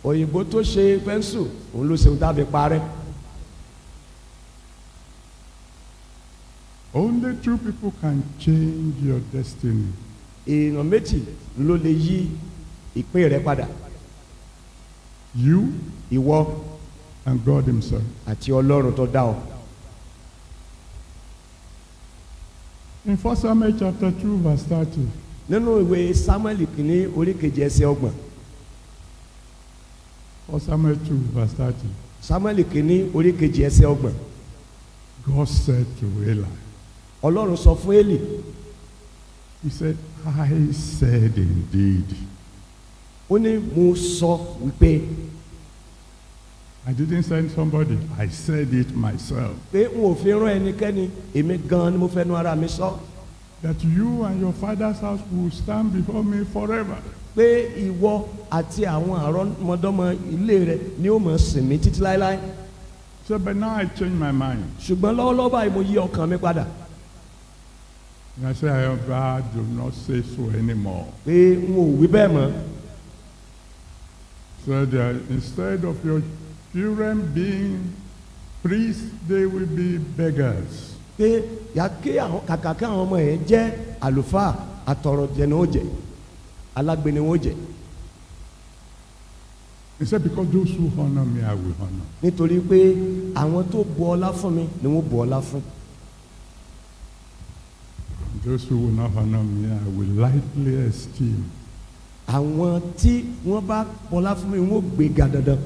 òyìnbó tó ṣe pẹ́ńsù òun ló ṣeun táfi parẹ́. Only two people can change your destiny. Èèyàn méjì ló lè yí ìpín rẹ padà. You. Ìwọ. And God himself. Àti Ọlọ́run tó dá ọ. In First Samuel chapter two verse thirty. Nínú ìwé Samuel kìíní orí kejì ẹsẹ̀ ọgbọ̀n or Samuel 2, verse 30. Samuel kìíní orí kejì ẹsẹ̀ ọgbọ̀n. God said to Eli. Ọlọ́run sọ fún Eli. He said, I said indeed. Ó ní mo sọ wípé. I didn't send somebody, I said it myself. Pé n ò fi rán ẹnikẹ́ni, èmi gan-an ni mo fẹ́ nu ara mi sọ. So that you and your father's house will stand before me forever. pé ìwọ àti àwọn àrọ́mọdọ́mọ ilé rẹ ni ó máa sìn mí títí láéláé. so but now I change my mind. ṣùgbọ́n lọ́wọ́lọ́wọ́ báyìí mo yí ọkàn mi padà. and I say I do not say so anymore. pé n ò wí bẹ́ẹ̀ mọ́. so that instead of your children being priests they will be beggars pé yàké àwọn kàkà kí àwọn ọmọ yẹn jẹ́ àlùfáà àtọ̀rọ̀jẹ̀ ni wọ́n jẹ́ alágbe ni wọ́n He said because those who honour me I will honour. Nítorí pé àwọn tó bu ọlá fún mi ni wọ́n bu ọlá fún. Those who will not honour me I will lightly esteem. Àwọn tí wọ́n bá bọlá fún mi wọ́n gbéga dandan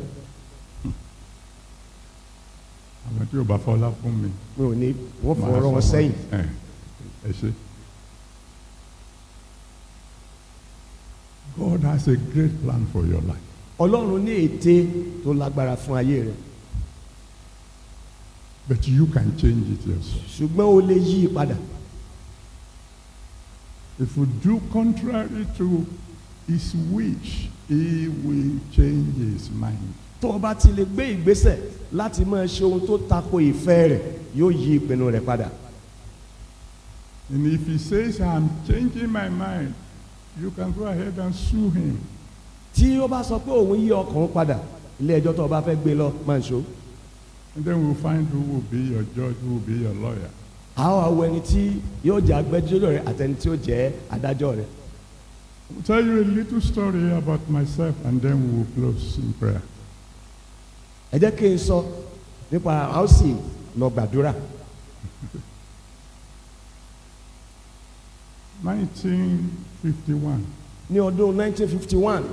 àwọn tí ò bá fọlá fún mi. mi ò ní wọ́n fọ wọn sẹ́yìn. ẹ ṣe. God has a great plan for your life. Ọlọ́run ní ète tó lágbára fún ayé rẹ. But you can change it yourself. Ṣùgbọ́n o lè yí i padà. If you do contrary to his wish, he will change his mind tó o bá ti lè gbé ìgbésẹ̀ láti máa ṣe ohun tó tako ìfẹ́ rẹ̀ yóò yí ìpinnu rẹ̀ padà. And if he says I'm changing my mind you can go ahead and sue him. tí ó bá sọ pé òun yí ọkàn padà ilé ẹjọ́ tó o bá fẹ́ gbé lọ máa ṣó. and then we'll find who will be your judge who will be your lawyer. àwọn àwọn ẹni tí yóò jẹ́ agbẹjọ́rò rẹ̀ àtẹni tí yóò jẹ́ adájọ́ rẹ̀. I will tell you a little story about myself and then we will close in prayer ẹ jẹ́ kí n sọ nípa a ó sì lọ gbàdúrà. nineteen fifty one. ní ọdún nineteen fifty one.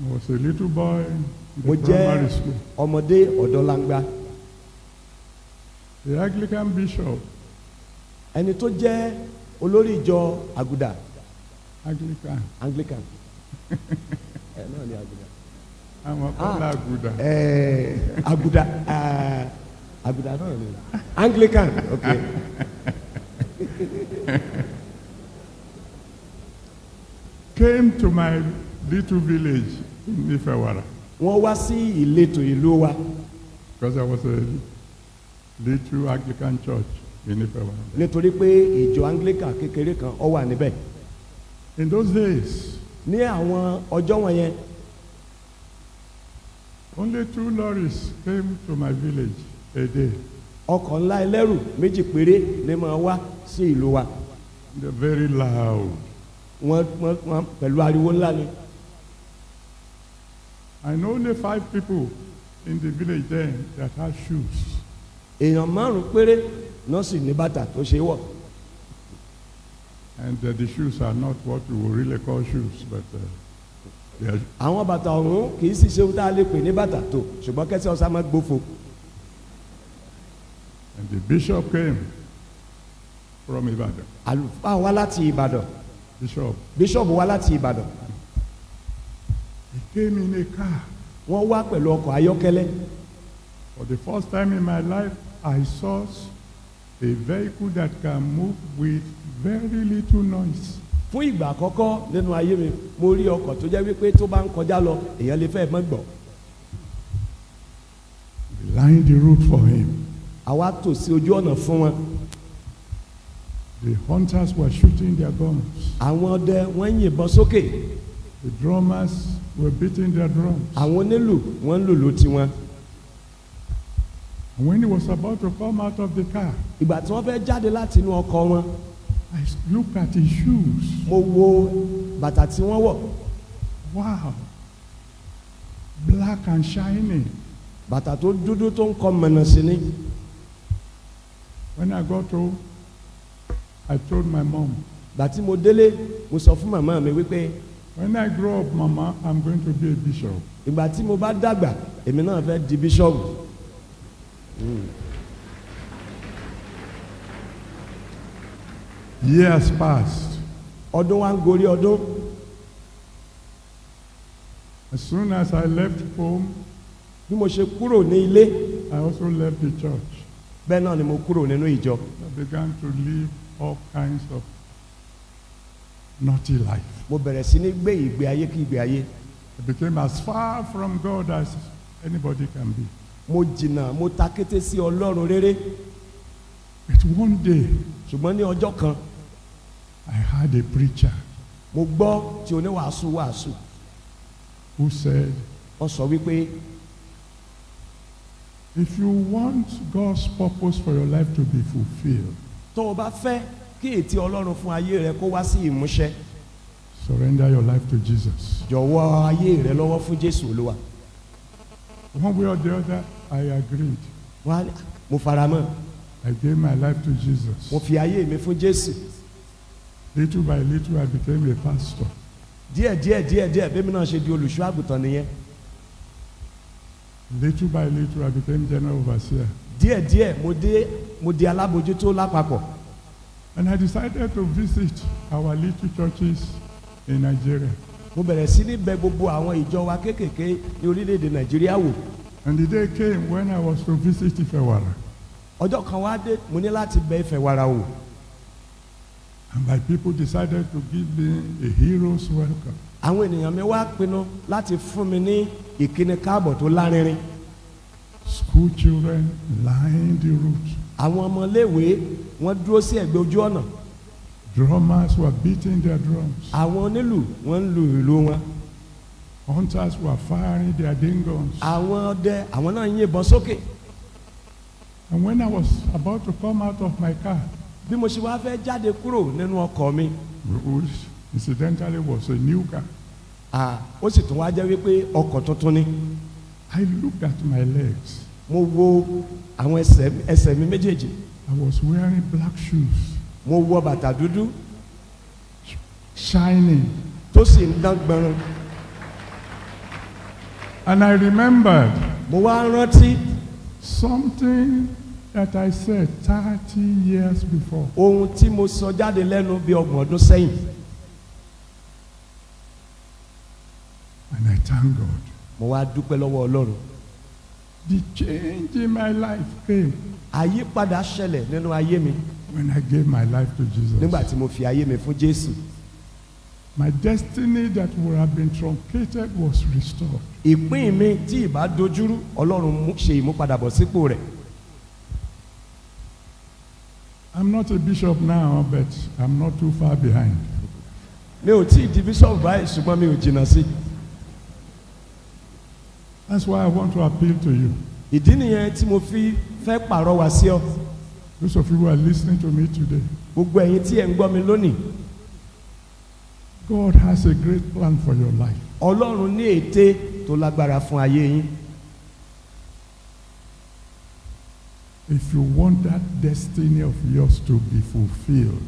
I was a little boy in the primary school. mo jẹ́ ọmọdé the Anglican bishop. ẹni tó jẹ́ olórí ìjọ aguda. Anglican. Anglican. ẹ náà ni aguda àwọn kọ́ la aguda ah. ẹẹ àgùdà eh, ah, àgùdà náà lè Anglican ok. came to my little village in Ifewara. wọ́n wá sí ìletò ìlú wa. because I was a little Anglican church in Ifewara. nítorí pé ìjọ Anglican kékeré kan ó wà níbẹ̀. in those days. ní àwọn ọjọ́ wọ̀nyẹn. Only two lorries came to my village a day. Ọkọ̀ ńlá ẹlẹ́rù méjì péré lè máa wá sí ìlú wa. They are very loud. Wọ́n wọ́n wọ́n pẹ̀lú ariwo ńlá ni. I know only five people in the village then that had shoes. Èèyàn márùn-ún péré náà sì ní bàtà tó ṣe wọ̀. And uh, the shoes are not what we would really call shoes, but. Uh, àwọn bàtà ọ̀hún kì í sì ṣe ohun tá a lè pè ní bàtà tó ṣùgbọ́n kẹsẹ̀ ọ̀sán máa gbófo. And the bishop came from Ibadan. àlùfáà wá láti Ìbàdàn. Bishop. Bishop wá láti Ìbàdàn. He came in a car. Wọ́n wá pẹ̀lú ọkọ̀ ayọ́kẹ́lẹ́. For the first time in my life, I saw a vehicle that can move with very little noise fún ìgbà àkọ́kọ́ nínú ayé mi mo rí ọkọ̀ tó jẹ́ wípé tó bá ń kọjá lọ èèyàn lè fẹ́ mọ́ gbọ́. we lined the road for him. àwa tò sí ojú ọ̀nà fún wọn. the hunters were shooting their guns. àwọn ọdẹ wọ́n ń yìnbọn sókè. the drummers were beating their drums. àwọn onílù wọ́n ń lù lù tiwọn. when he was about to come out of the car. ìgbà tí wọ́n fẹ́ jáde láti inú ọkọ̀ wọn. I look at his shoes. Mo wo bàtà tí wọ́n wọ̀. Wow! Black and shiny. Bàtà tó dúdú tó ń kọ mọ̀nà sí ni. When I got home, I told my mom. Bàtí mo délé, mo sọ fún màmá mi wípé. When I grow up, mama, I'm going to be a bishop. Ìgbà tí mo bá dàgbà, èmi náà fẹ́ di bíṣọ̀bù. Mm. years passed. Ọdún wa ń gorí ọdún. As soon as I left home. Bí mo ṣe kúrò ní ilé. I also left the church. Bẹ́ẹ̀ náà ni mo kúrò nínú ìjọ. I began to live all kinds of naughty life. Mo bẹ̀rẹ̀ sí ní gbé ìgbé ayé kí ìgbé ayé. I became as far from God as anybody can be. Mo jìnnà mo ta kété sí Ọlọ́run rere. But one day. Ṣùgbọ́n ní ọjọ́ kan. I had a preacher. Mo gbọ́ tí oníwàásù wàásù. Who said? Ó sọ wípé. If you want God's purpose for your life to be fulfilled. Tó o bá fẹ́ kí ètí Ọlọ́run fún ayé rẹ kó wá sí ìmúṣẹ. Surrender your life to Jesus. Jọ̀wọ́ ayé rẹ lọ́wọ́ fún Jésù Olúwa. One way or the other, I agreed. Wọ́n mo faramọ́. I gave my life to Jesus. Mo fi ayé mi fún Jésù little by little I became a pastor. díẹ̀ díẹ̀ díẹ̀ díẹ̀ bẹ́ẹ̀ mi náà ṣe di olùṣọ́ àgùntàn nìyẹn. little by little I became general overseer. díẹ̀ díẹ̀ mo dé mo di alábòjútó lápapọ̀. and I decided to visit our little churches in Nigeria. mo bẹ̀rẹ̀ sí ní bẹ̀ gbogbo àwọn ìjọ wa kéékèèké ní orílẹ̀-èdè Nàìjíríà wò. and the day came when I was to visit Ifẹ̀wàrà. ọjọ́ kan wá dé mo ní láti bẹ̀ Ifẹ̀wàrà wò. And my people decided to give me a hero's welcome. Àwọn ènìyàn mi wá pinnu láti fún mi ní ìkíni káàbọ̀ tó lárinrin. School children lined the route. Àwọn ọmọléèwé wọ́n dúró sí ẹ̀gbẹ́ ojú ọ̀nà. Drummers were beating their drums. Àwọn onílù wọ́n ń lu ìlú wọn. Hunters were firing their dingons. Àwọn ọdẹ àwọn náà ń yìnbọn sókè. And when I was about to come out of my car bí mo ṣe wá fẹ́ jáde kúrò nínú ọkọ̀ mi. incidentally was a new car. ah ó sì tún wá jẹ́ wípé ọkọ̀ tuntun ni. I looked at my legs. mo wo àwọn ẹsẹ̀ ẹsẹ̀ mi méjèèjì. I was wearing black shoes. mo wọ bàtà dúdú. shining. tó sì ń dán gbọ̀nràn. and I remembered. mo wá rántí. something that I said thirty years before. Ohun tí mo sọ jáde lẹ́nu bí ọgbọ̀n ọdún sẹ́yìn. And I thank God. Mo wá dúpẹ́ lọ́wọ́ Ọlọ́run. The change in my life came. Àyípadà ṣẹlẹ̀ nínú ayé mi. When I gave my life to Jesus. Nígbà tí mo fi ayé mi fún Jésù. My destiny that would have been truncated was restored. Ìpín mi tí ìbá dojúrú Ọlọ́run ṣe ìmúpadàbọ̀sípò rẹ̀. I'm not a bishop now, but I'm not too far behind. Mi ò tí di bishop báyìí ṣùgbọ́n mi ò jìnnà sí. That's why I want to appeal to you. Ìdí nìyẹn tí mo fi fẹ́ pàrọwà sí ọ. Those of you who are listening to me today. Gbogbo ẹ̀yin tí ẹ̀ ń gbọ́ mi lónìí. God has a great plan for your life. Ọlọ́run ní ète tó lágbára fún ayé yín. If you want that destiny of yours to be fulfilled.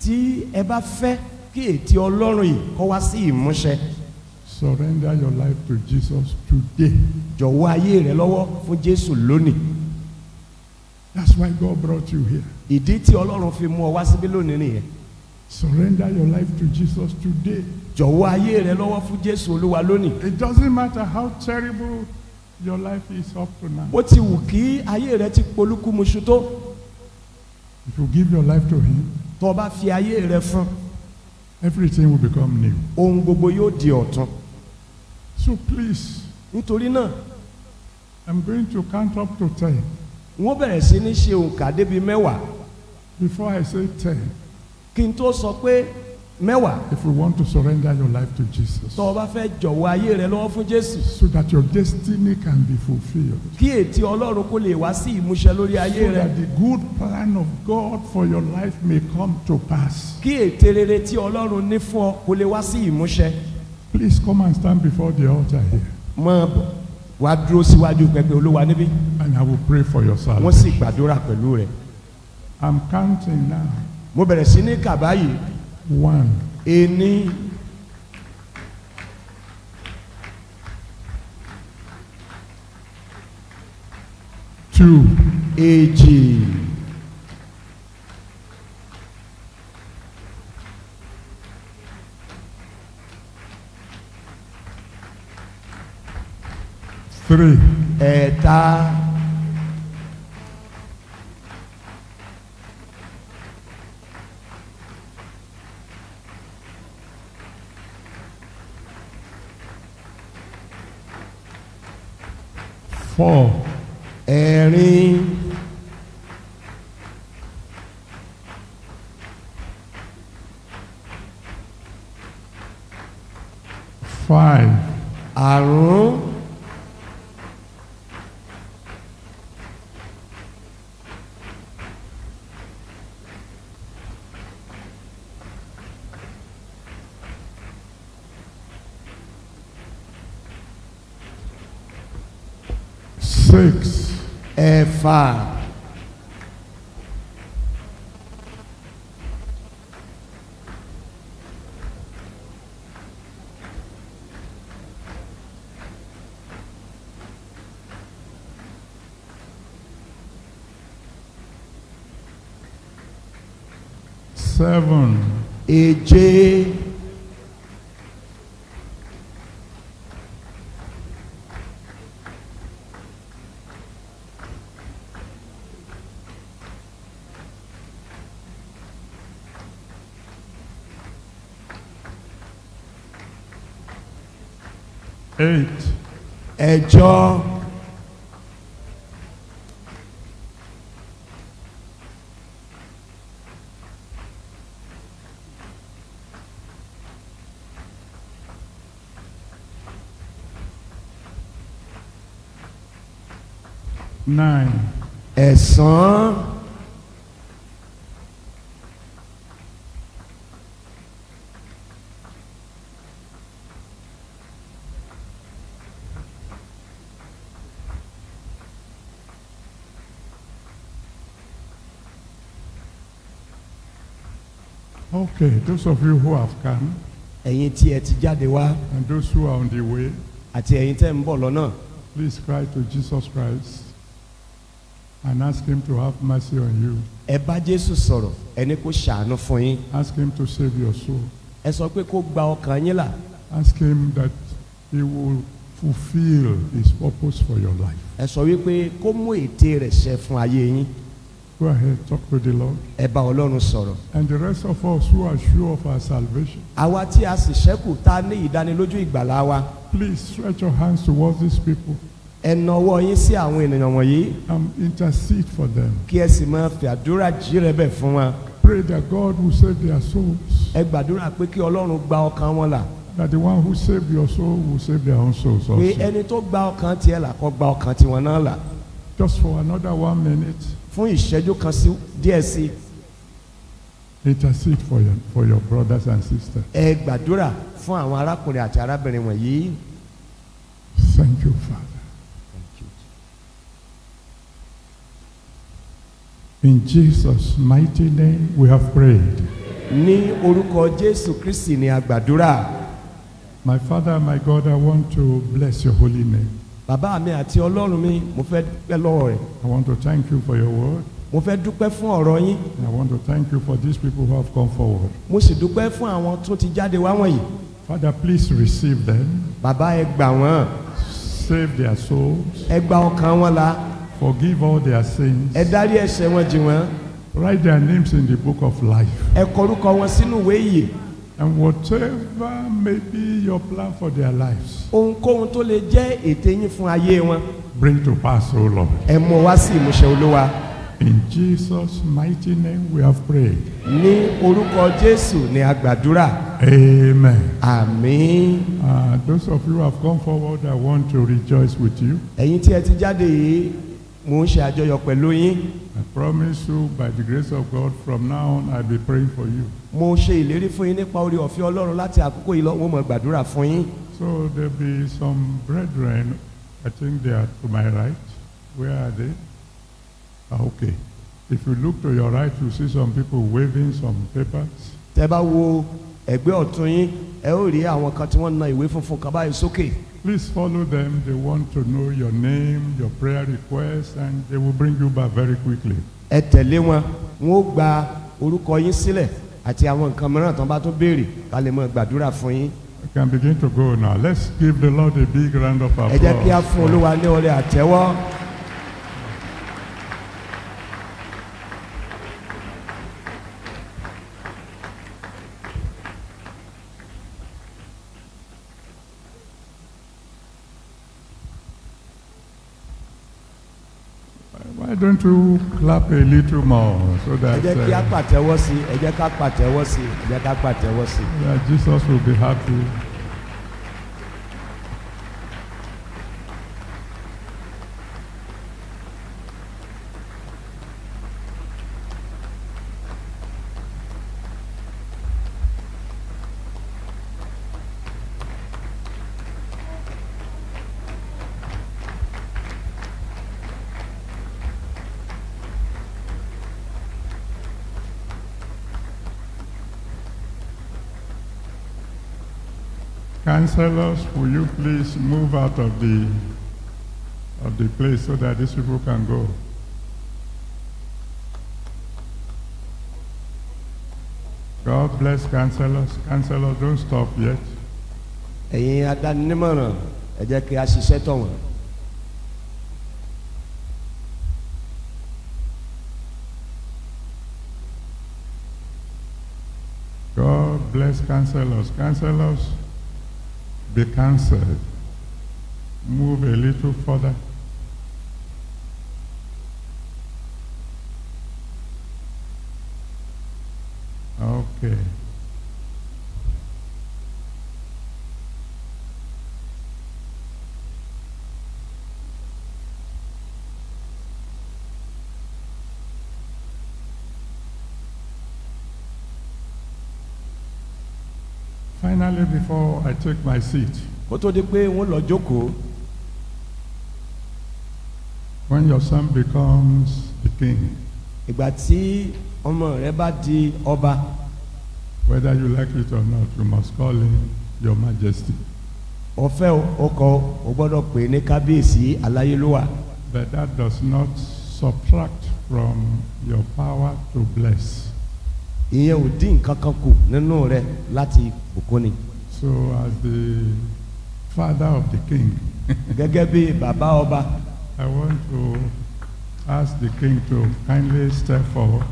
Tí ẹ bá fẹ́ kí ètí Ọlọ́run yìí kó wá sí ìmúṣẹ. Surrender your life to Jesus today. Jọ̀wọ́ ayé rẹ lọ́wọ́ fún Jésù lónìí. That's why God brought you here. Ìdí tí Ọlọ́run fi mú ọ wá síbí lónìí nìyẹn. Surrender your life to Jesus today. Jọ̀wọ́ ayé rẹ lọ́wọ́ fún Jésù Olúwa lónìí. It doesn't matter how terrible Your life is up to now. Bó ti wù kí ayé rẹ ti polúkú muṣu tó. If you give your life to him. Tó o bá fi ayé rẹ fún. Everything will become new. Ohun gbogbo yóò di ọ̀tun. So please. Nítorí náà. I'm going to count up to ten. N bẹ̀rẹ̀ sí ní ṣe òǹkà débi mẹ́wàá. Before I say ten. Kí n tó sọ pé mẹ́wàá. if you want to surrender your life to Jesus. tó o bá fẹ́ jọ̀wọ́ ayé rẹ lọ́wọ́ fún Jésù. so that your destiny can be fulfilled. kí ètí Ọlọ́run kó lè wá sí ìmúṣẹ lórí ayé rẹ. so that the good plan of God for your life may come to pass. kí ète rere tí Ọlọ́run ní fún ọ kó lè wá sí ìmúṣẹ. please come and stand before the altar here. mọ wá dúró síwájú pẹpẹ Olúwa níbí. and I will pray for your salvation. wọ́n sì gbàdúrà pẹ̀lú rẹ. I'm counting now. mo bẹ̀rẹ̀ sí ní kà one. Ení. Two. Ag. Three. Ẹ̀ta. four ẹ̀rin five àrún. six, and five. Seven, AJ Eight. jaw. Nine. Ẹ̀sán. Okay, those of you who have come. Ẹ̀yin tí ẹ ti jáde wá. And those who are on the way. Àti ẹ̀yin tẹ́ ń bọ̀ lọ́nà. Please cry to Jesus Christ and ask him to have mercy on you. Ẹ bá Jésù sọ̀rọ̀, ẹni kó ṣàánú fún yín. Ask him to save your soul. Ẹ sọ pé kó gba ọkàn yín là. Ask him that he will fulfil his purpose for your life. Ẹ sọ wípé kó mú ète rẹ̀ ṣẹ fún ayé yín. Go ahead, talk to the Lord. Ẹ bá Ọlọ́run sọ̀rọ̀. And the rest of us who are sure of our salvation. Àwa tí a sì ṣẹ́kù tá a ní ìdánilójú ìgbàlá wa. Please stretch your hands towards these people. Ẹ na yín sí àwọn ènìyàn wọ̀nyí. And um, intercede for them. Kí ẹ sì máa fi àdúrà fún wa. Pray that God will save their souls. Ẹ gbàdúrà pé kí Ọlọ́run gba ọkàn wọn là. That the one who saved your soul will save their own souls also. Pé ẹni tó gba ọkàn tiẹ̀ là kó gba ọkàn tiwọn náà là. Just for another one minute fún ìṣẹ́jú kan sí díẹ̀ sí. intercede for your for your brothers and sisters. ẹ gbàdúrà fún àwọn arákùnrin àti arábìnrin wọ̀nyí. thank you father. thank you. in Jesus mighty name we have prayed. ní orúkọ Jésù Kristi ni a gbàdúrà. my father my God I want to bless your holy name bàbá mi àti ọlọ́run mi mo fẹ́ dúpẹ́ lọ́wọ́ rẹ̀. I want to thank you for your word. mo fẹ́ dúpẹ́ fún ọ̀rọ̀ yín. I want to thank you for these people who have come forward. mo sì dúpẹ́ fún àwọn tó ti jáde wá wọ̀nyí. Father, please receive them. bàbá ẹ gbà wọ́n. Save their souls. ẹ gba ọkàn wọn là. Forgive all their sins. ẹ dárí ẹ̀ṣẹ̀ wọn jì wọ́n. Write their names in the book of life. ẹ kọ orúkọ wọn sínú ìwé ìyè. And whatever may be your plan for their lives. Ohunkóhun tó lè jẹ́ ète yín fún ayé wọn. Bring to pass, O Lord. Ẹ mú wá sí ìmúṣẹ Olúwa. In Jesus' mighty name we have prayed. Ní orúkọ Jésù ni a gbàdúrà. Amen. Àmín. Uh, those of you who have come forward, I want to rejoice with you. Ẹ̀yin tí ẹ ti jáde yìí mo ń ṣe àjọyọ̀ pẹ̀lú yín. I promise you by the grace of God from now on I'll be praying for you. Mo ṣe ìlérí fún yín nípa orí ọ̀fẹ́ Ọlọ́run láti àkókò yìí lọ́wọ́ mo gbàdúrà fún yín. So there be some brethren I think they are to my right. Where are they? Ah, okay. If you look to your right you see some people waving some papers. Tẹ́ bá wo ẹ̀gbẹ́ ọ̀tún yín ẹ ó rí àwọn kan tí wọ́n na ìwé funfun kan báyìí sókè. Please follow them. They want to know your name, your prayer request, and they will bring you back very quickly. Ẹ tẹ̀lé wọn, wọn ó gba orúkọ yín sílẹ̀ àti àwọn nǹkan mìíràn tó bá tó béèrè ká lè mọ gbàdúrà fún yín. We can begin to go now. Let's give the Lord a big round of applause. Ẹ jẹ́ kí a fún Olúwa ní oore àtẹ́wọ́. don't you clap a little more so that. ẹ jẹ́ kí a uh, pàtẹ́wọ́ sí i ẹ jẹ́ ká pàtẹ́wọ́ sí i ẹ jẹ́ ká pàtẹ́wọ́ sí i. that Jesus will be happy. Councillors, will you please move out of the, of the place so that these people can go? God bless councillors. Councillors, don't stop yet. God bless councillors. Councillors be cancelled. Move a little further. Okay. before I took my seat. Kó tó di pé wọ́n lọ jókòó. When your son becomes the king. Ìgbà tí ọmọ rẹ bá di ọba. Whether you like it or not, you must call him your majesty. Ọ̀fẹ́ ọkọ̀ ò gbọ́dọ̀ pè ní kábíyèsí aláyélúwà. But that does not subtract from your power to bless. Ìyẹn ò dín nǹkan kan kù nínú rẹ láti bùkún So as the father of the king. Gẹ́gẹ́ bí bàbá ọba. I want to ask the king to kindly step forward.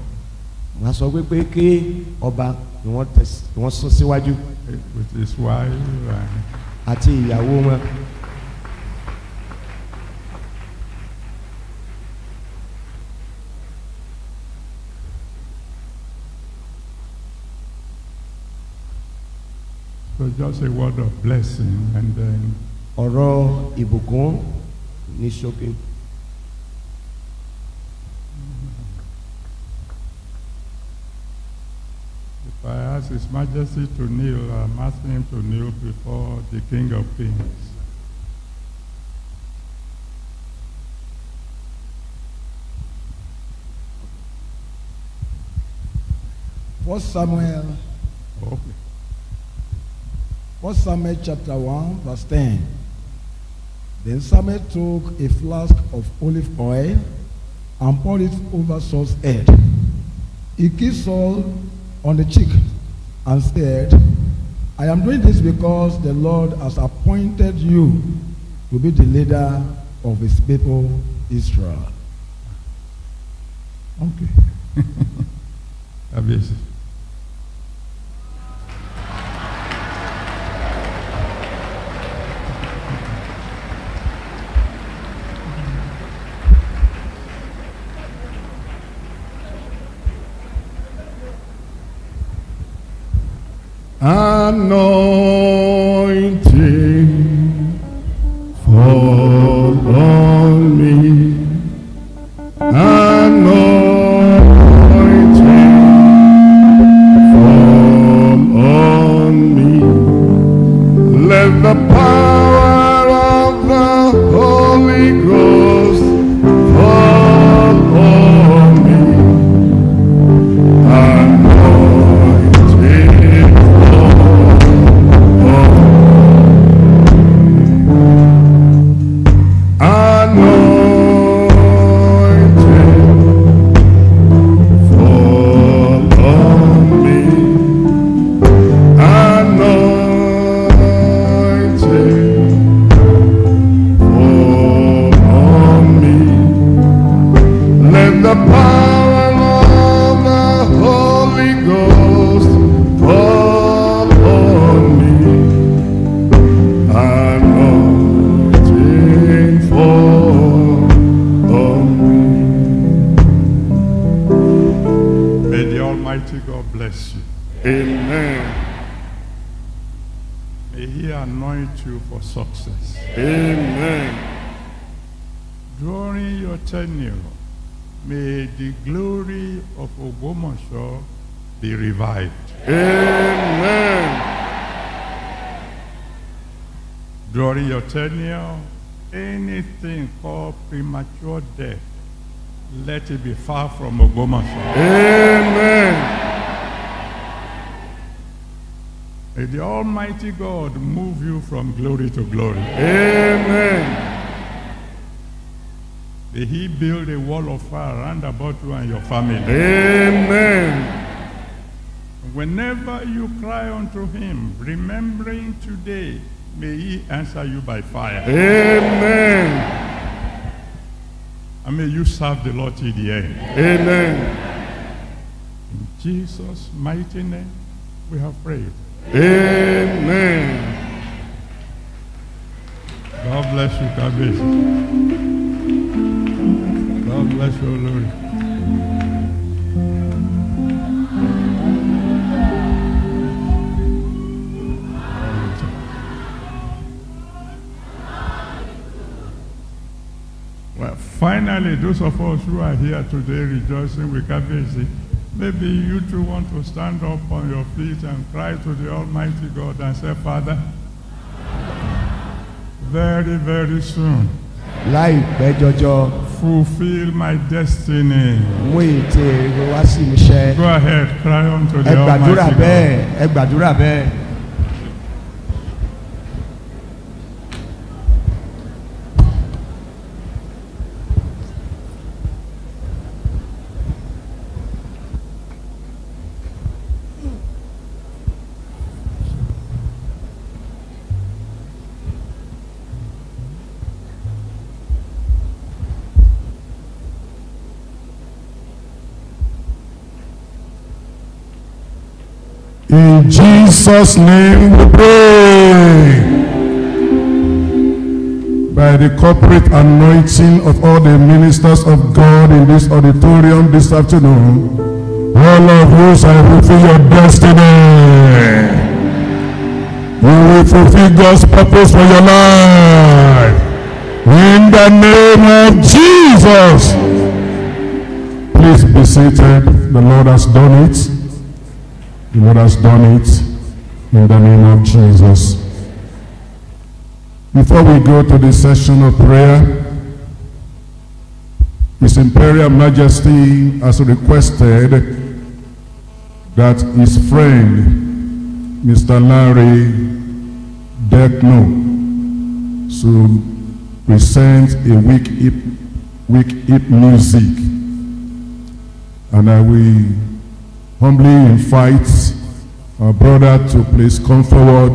Wọ́n sọ wípé kí ọba ni wọ́n sún síwájú. With his wife. Àti ìyàwó wọn. just a word of blessing and then. Ọ̀rọ̀ ìbùkún nishoki. If I ask His Majesty to kneel, I'm asking him to kneel before the King of Kings. First Samuel. Okay. 1 Samuel chapter 1, verse 10. Then Samuel took a flask of olive oil and poured it over Saul's head. He kissed Saul on the cheek and said, I am doing this because the Lord has appointed you to be the leader of his people, Israel. Okay. obviously. anointing. far from Ogbomoso. Amen. May the Almighty God move you from glory to glory. Amen. May He build a wall of fire round about you and your family. Amen. Whenever you cry unto him, remembering today, may he answer you by fire. Amen. I mean, you serve the Lord till the end. Amen. In Jesus' mighty name, we have prayed. Amen. God bless you, God bless you. God bless you, Lord. Finally, those of us who are here today rejoicing with Kabezi, maybe you too want to stand up on your feet and cry to the Almighty God and say, Father, very, very soon. láìpẹ́ jọjọ. fulfil my destiny. mú ètè wá sí mi go ahead cry unto the Almighty God. ẹ gbàdúrà bẹ́ẹ̀ ẹ gbàdúrà bẹ́ẹ̀. Jesus' name we pray. By the corporate anointing of all the ministers of God in this auditorium this afternoon, all of you shall fulfill your destiny. You will fulfill God's purpose for your life. In the name of Jesus. Please be seated. The Lord has done it. The Lord has done it in the name of Jesus. Before we go to the session of prayer, His Imperial Majesty has requested that his friend, Mr. Larry Dekno, should present a week hip, week hip music. And I will humbly invite Our brother to please come forward,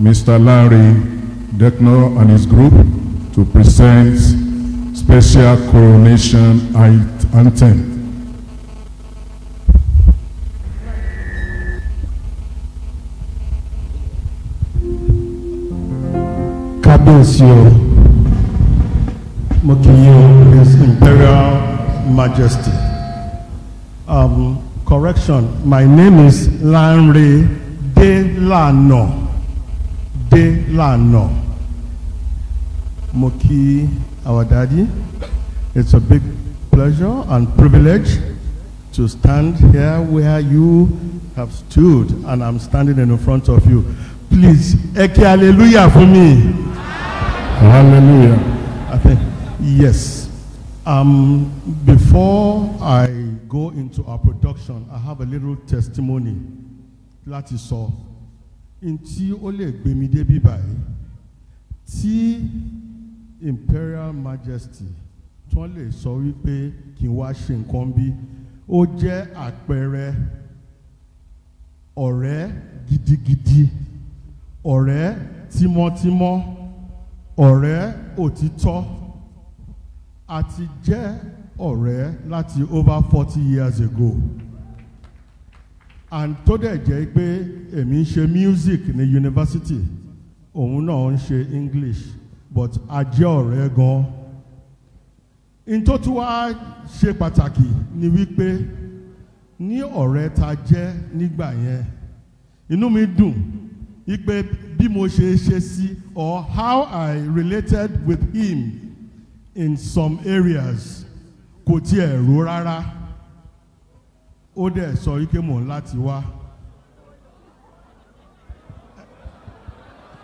Mr. Larry Deckner and his group to present special coronation anthem. Kábíyèsí o, mo kì í His Imperial Majesty. Um, Correction, my name is Lanre Delano. Delano. Moki, our daddy, it's a big pleasure and privilege to stand here where you have stood and I'm standing in front of you. Please, eke hallelujah for me. Hallelujah. I think, yes. Um, before I go into our production I have a little testimony láti sọ n tí ó lè gbé mi débi báyìí tí imperial majesty tí wọ́n lè sọ wípé kí n wá ṣe nǹkan bí ó jẹ́ àpẹẹrẹ ọ̀rẹ́ gidigidi ọ̀rẹ́ tímọ́tímọ́ ọ̀rẹ́ òtítọ́ àti jẹ́ ọ̀rẹ́ láti over forty years ago and tó dẹ̀ jẹ́ pé èmi ń ṣe music ní university. òun náà ń ṣe English but a jẹ́ ọ̀rẹ́ gan-an n tó tún wá ṣe pàtàkì ni wípé ní ọ̀rẹ́ ta jẹ́ nígbà yẹn inú mi dùn wípé bí mo ṣe ṣe sí or how I related with him in some areas kò tiẹ̀ rò rárá ó dẹ̀ sọ wípé mò ń láti wá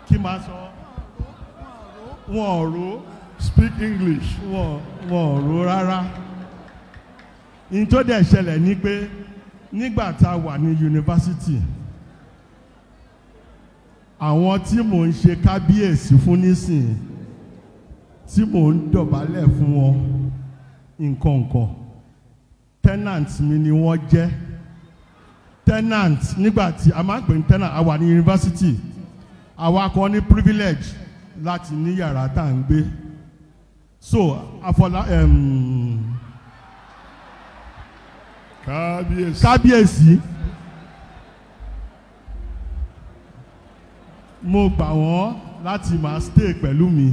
kí máa sọ wọn ò rò speak English wọn ò rò rárá ní tó dẹ̀ ṣẹlẹ̀ ni pé nígbà tá a wà ní yunifásitì àwọn tí mò ń ṣe kábíyèsí fún nísìnyí tí mò ń dọ̀bálẹ̀ fún wọn nǹkan nǹkan tenant mi ni wọ́n jẹ́ tenant nígbà tí a máa ń pè ní tenant a wà ní yunifásitì àwa kan ní privilege láti ní yàrá tá à ń gbé so afọlá um, kábíyèsí kábíyèsí mo gbà wọ́n láti máa stay pẹ̀lú mi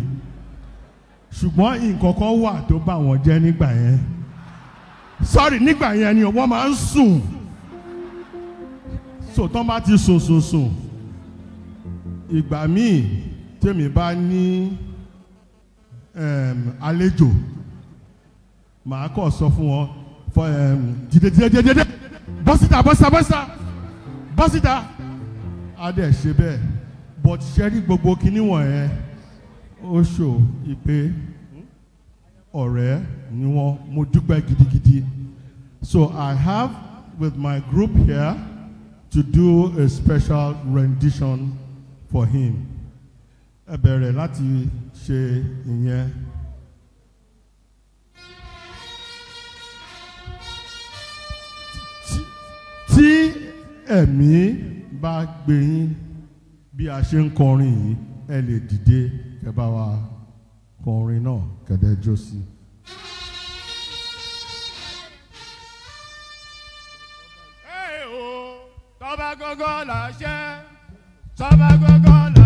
ṣùgbọ́n nǹkan kan wà tó bà wọ́n jẹ́ nígbà yẹn sorry nígbà yẹn ni wọ́n máa ń sùn so tán bá ti sùn sùn sùn ìgbà míì tèmi bá ní ehm, àlejò màá kọ́ sọ fún wọn fọ ehm, dìde dìde dìde dìde bọ́sítà bọ́sítà bọ́sítà bọ́sítà á dẹ̀ ṣe bẹ́ẹ̀ but ṣe rí gbogbo kinní wọ̀nyẹn oṣù ìpè ọ̀rẹ́ ni wọ́n mo dúpẹ́ gidigidi so I have with my group here to do a special rendition for him ẹ bẹ̀rẹ̀ láti ṣe ìyẹn. tí ẹ̀mí bá gbé bí a ṣe ń kọrin yìí ẹ lè dìde kẹ́ bá wa kọ orin náà kẹ̀dẹ́ jó sí. ẹ ò oh, tọ́ba gógó tọ́ba gógó làṣẹ.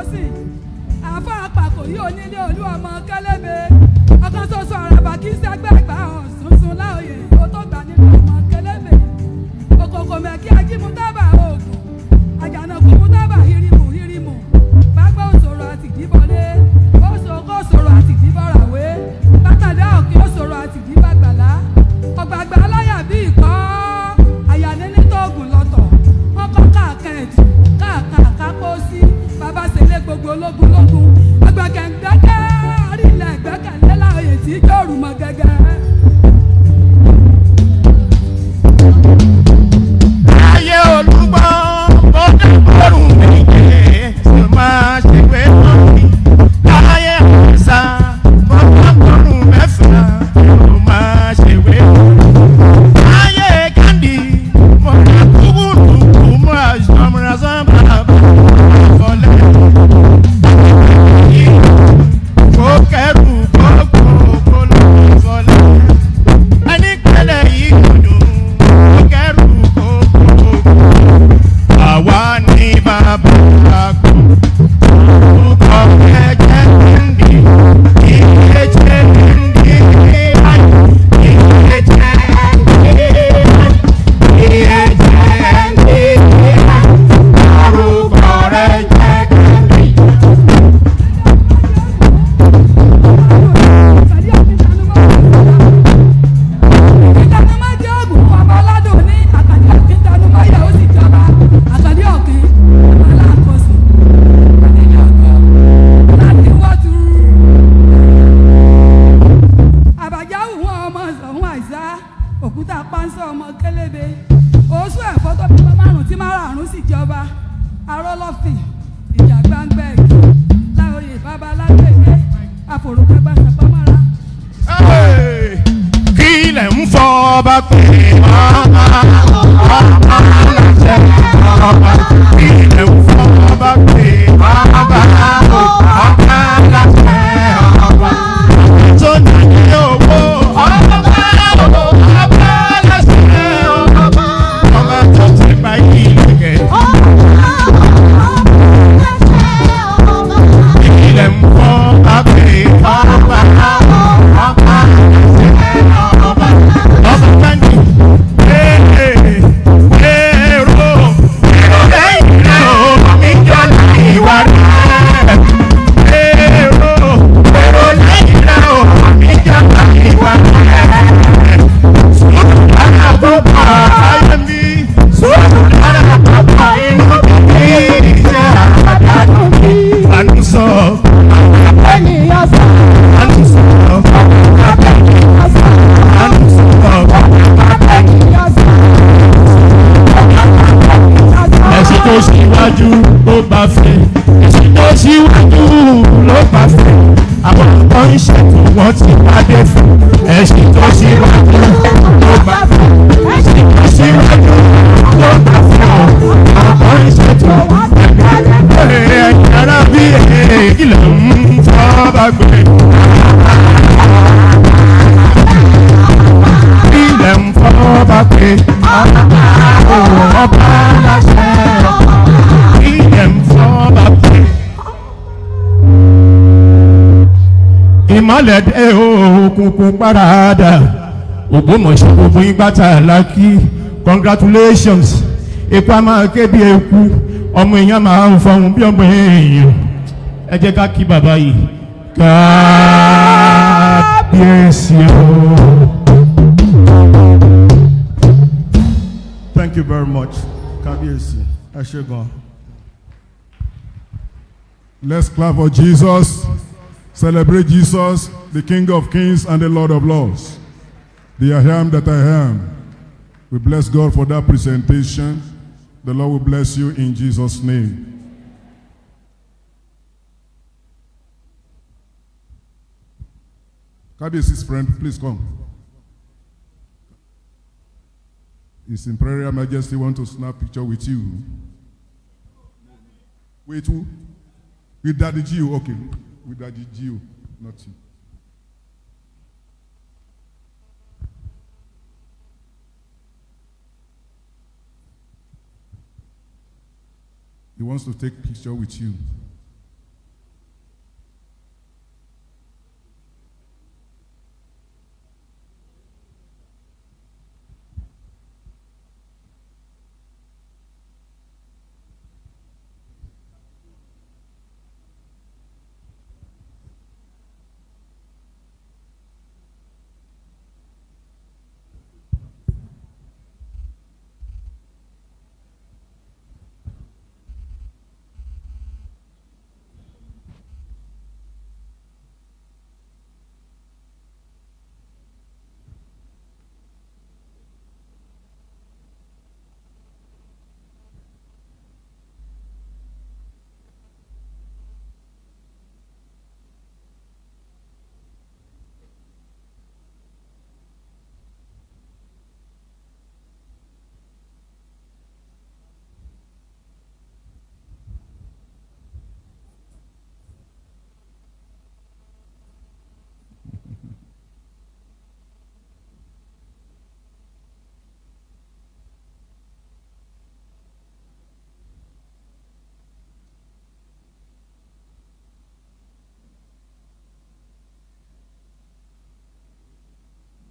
sọ́sì àáfà àpàkò yìí onílé olú ọmọ kẹlẹ́bẹ ọkàn ṣoṣo àràbà kì í sẹ́gbẹ́ ẹ̀gbá ọ̀sùnsùn láòyè ó tó gbà nínú ọmọ kẹlẹ́bẹ òkòkò mẹ́kí ajímútábà oògùn àjànàkú mútábà hirimu hirimu bá gbọ́ òṣòro àtìdíbọlé. parada Ògbómọ̀ṣọ́ gbogbo yín gbàtà lákì congratulations epo a máa ké bí eku ọmọ èèyàn máa ń fọhùn bí ọmọ èèyàn ẹ jẹ́ ká kí bàbá yìí kábíyèsí o. thank you very much kábíyèsí ẹ ṣé gan. let's clap for Jesus celebrate Jesus. the King of kings and the Lord of lords, the I am that I am. We bless God for that presentation. The Lord will bless you in Jesus' name. his friend, please come. His Imperial Majesty want to snap picture with you. Wait, who? With Daddy Gio, okay. With Daddy Gio, not you. He wants to take picture with you.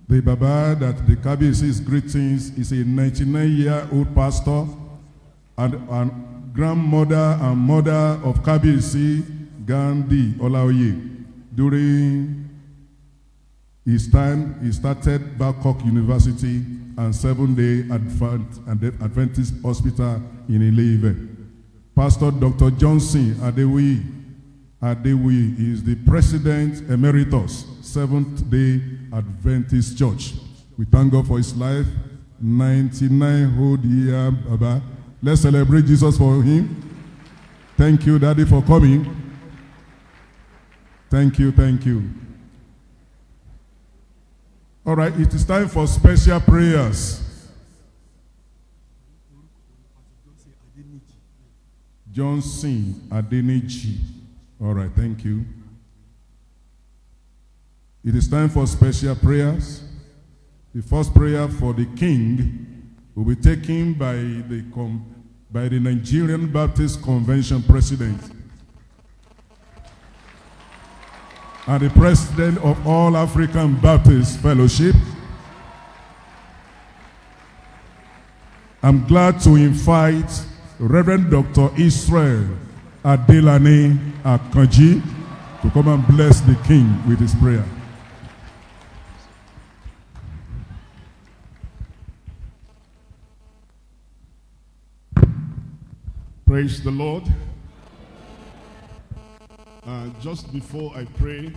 The Baba that the Kabiyesi is greeting is a 99-year-old pastor and, and grandmother and mother of Kabiyesi Gandhi Olaoye. During his time, he started Babcock University and Seven day Adventist Hospital in ile Pastor Dr. Johnson Adewiyi Adewi is the President Emeritus, Seventh Day Adventist Church. We thank God for his life, 99 whole year, Baba. Let's celebrate Jesus for him. Thank you, Daddy, for coming. Thank you, thank you. All right, it is time for special prayers. Johnson Adeniji. All right, thank you. It is time for special prayers. The first prayer for the king will be taken by the, by the Nigerian Baptist Convention president and the president of All African Baptist Fellowship. I'm glad to invite Reverend Dr. Israel Adelani Akanji to come and bless the king with his prayer. Praise the Lord. Uh, just before I pray,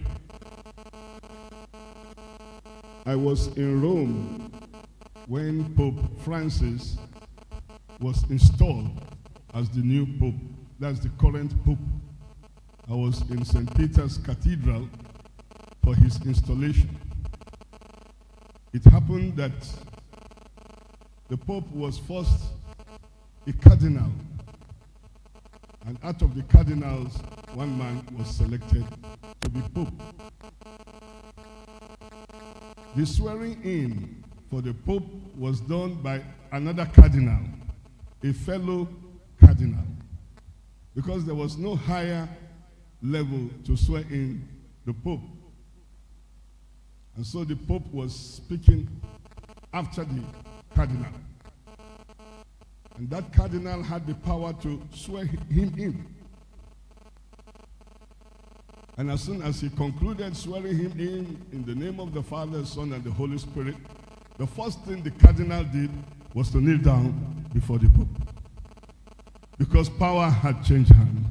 I was in Rome when Pope Francis was installed as the new Pope that's the current Pope. I was in St. Peter's Cathedral for his installation. It happened that the Pope was first a cardinal, and out of the cardinals, one man was selected to be Pope. The swearing in for the Pope was done by another cardinal, a fellow cardinal because there was no higher level to swear in the Pope. And so the Pope was speaking after the cardinal. And that cardinal had the power to swear him in. And as soon as he concluded swearing him in, in the name of the Father, Son, and the Holy Spirit, the first thing the cardinal did was to kneel down before the Pope because power had changed hands.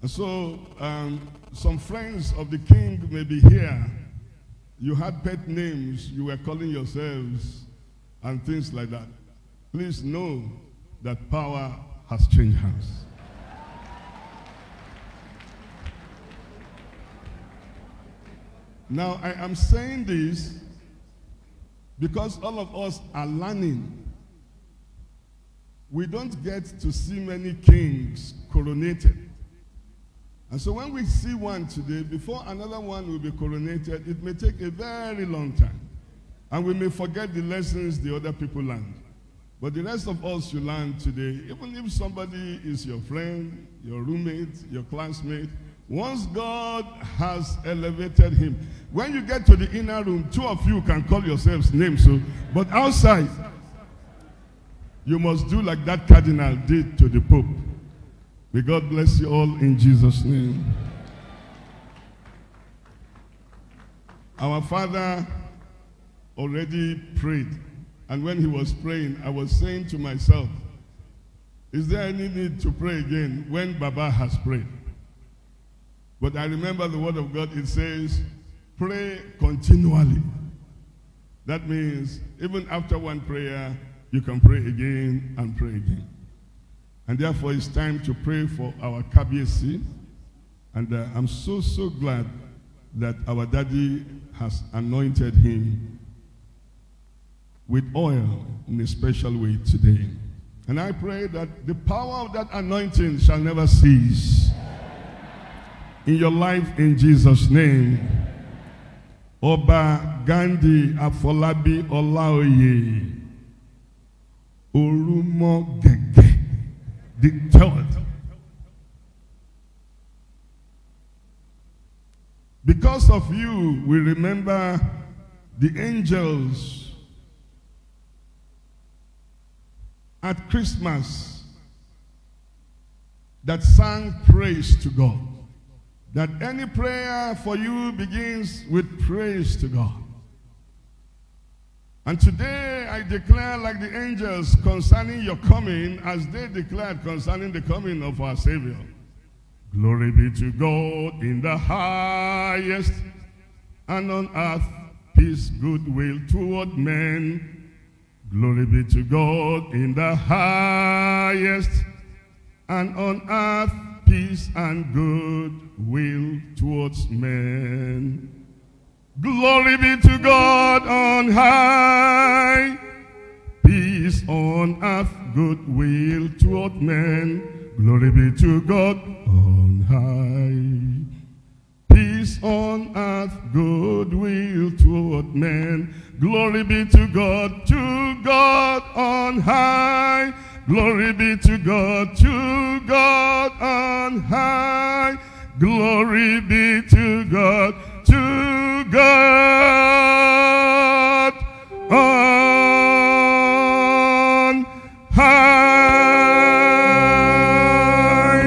And so um, some friends of the king may be here. You had pet names, you were calling yourselves, and things like that. Please know that power has changed hands. now, I am saying this because all of us are learning we don't get to see many kings coronated. And so when we see one today, before another one will be coronated, it may take a very long time. And we may forget the lessons the other people learned. But the rest of us should learn today, even if somebody is your friend, your roommate, your classmate, once God has elevated him, when you get to the inner room, two of you can call yourselves names, so, but outside, you must do like that cardinal did to the Pope. May God bless you all in Jesus' name. Our father already prayed. And when he was praying, I was saying to myself, is there any need to pray again when Baba has prayed? But I remember the word of God, it says, pray continually. That means even after one prayer, you can pray again and pray again. And therefore, it's time to pray for our KBC. And uh, I'm so, so glad that our daddy has anointed him with oil in a special way today. And I pray that the power of that anointing shall never cease in your life in Jesus' name. Oba Gandhi Afolabi Olaoye orúmọ gẹ̀gẹ̀ the Because of you, we remember the angels at Christmas that sang praise to God. That any prayer for you begins with praise to God. And today I declare, like the angels, concerning your coming, as they declared concerning the coming of our Savior. Glory be to God in the highest, and on earth peace, goodwill toward men. Glory be to God in the highest, and on earth peace and goodwill towards men. Glory be to God on high. Peace on earth, goodwill toward men. Glory be to God on high. Peace on earth, goodwill toward men. Glory be to God, to God on high. Glory be to God, to God on high. Glory be to God to God on high.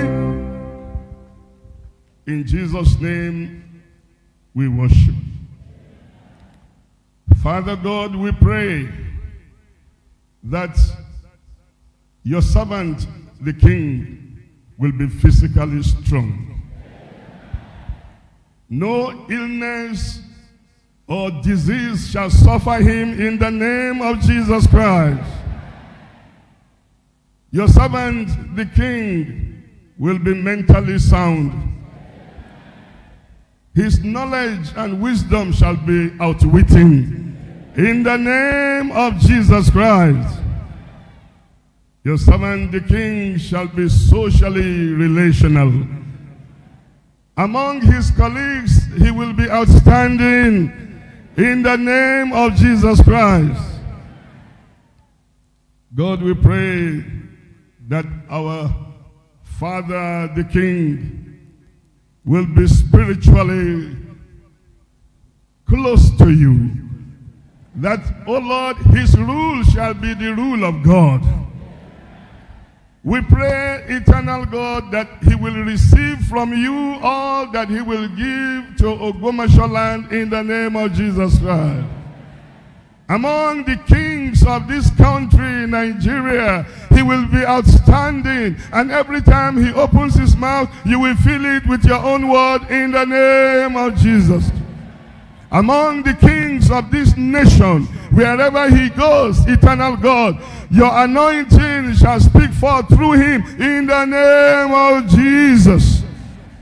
In Jesus' name, we worship. Father God, we pray that your servant, the king, will be physically strong. No illness or disease shall suffer him in the name of Jesus Christ. Your servant, the king, will be mentally sound. His knowledge and wisdom shall be outwitting. In the name of Jesus Christ. Your servant, the king, shall be socially relational. Among his colleagues, he will be outstanding in the name of Jesus Christ. God, we pray that our Father, the King, will be spiritually close to you. That, O oh Lord, his rule shall be the rule of God. We pray, eternal God, that he will receive from you all that he will give to Ogumasho land in the name of Jesus Christ. Among the kings of this country, Nigeria, he will be outstanding. And every time he opens his mouth, you will fill it with your own word in the name of Jesus. Among the kings of this nation, Wherever he goes, eternal God, your anointing shall speak forth through him in the name of Jesus.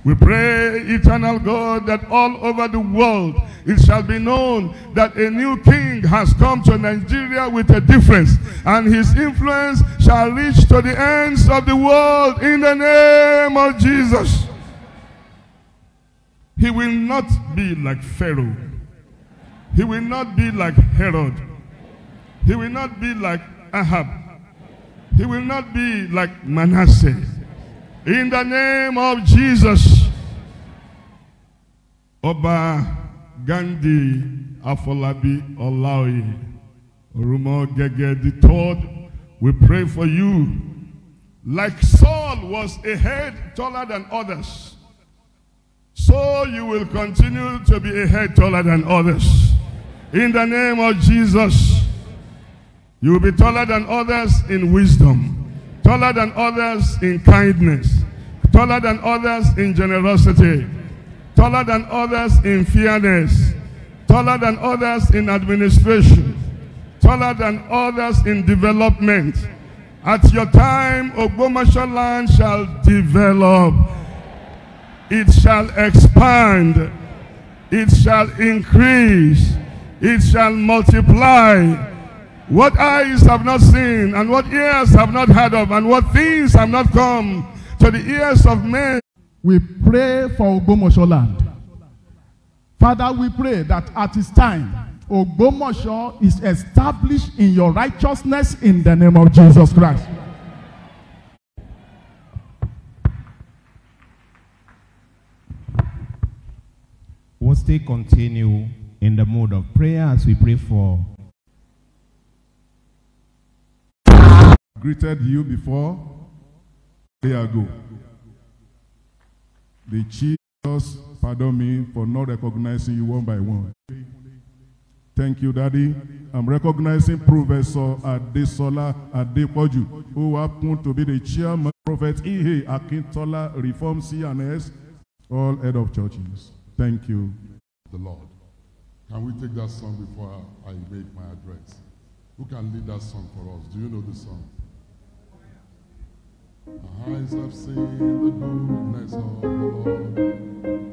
We pray, eternal God, that all over the world it shall be known that a new king has come to Nigeria with a difference, and his influence shall reach to the ends of the world in the name of Jesus. He will not be like Pharaoh He will not be like Herod. He will not be like Ahab. He will not be like Manasseh. In the name of Jesus. Oba Gandhi Afolabi Olaoye Rumo Gege the third, we pray for you. Like Saul was a head taller than others, so you will continue to be a head taller than others. In the name of Jesus, you will be taller than others in wisdom, taller than others in kindness, taller than others in generosity, taller than others in fairness, taller than others in administration, taller than others in development. At your time, Ogbomoso land shall develop. It shall expand. It shall increase. it shall multiply. What eyes have not seen, and what ears have not heard of, and what things have not come to the ears of men. We pray for Ogbomosho land. Father, we pray that at this time, Ogbomosho is established in your righteousness in the name of Jesus Christ. will continue in the mode of prayer as we pray for. Greeted you before a day ago. The chief just pardon me for not recognizing you one by one. Thank you, Daddy. I'm recognizing Professor Adesola Adepoju, who happened to be the chairman Prophet E.H. Akintola Reform CNS, all head of churches. Thank you, the Lord. Can we take that song before I make my address? Who can lead that song for us? Do you know the song? eyes have seen the goodness of the Lord.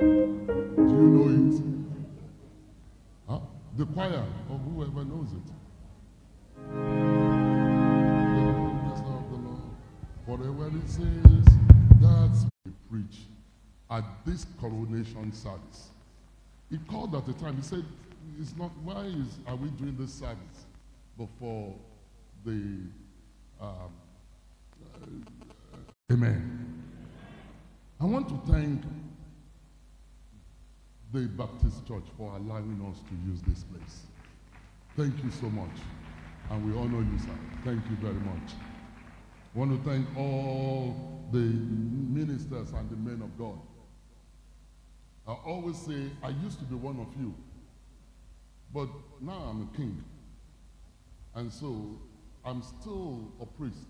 Do you know it? Huh? The choir, or whoever knows it. The goodness of the Lord. Whatever it says, that's we preach at this coronation service. He called at the time, he said, it's not, why is, are we doing this service before the, um, uh, amen. I want to thank the Baptist Church for allowing us to use this place. Thank you so much. And we honor you, sir. Thank you very much. I want to thank all the ministers and the men of God. I always say, I used to be one of you, but now I'm a king. And so I'm still a priest.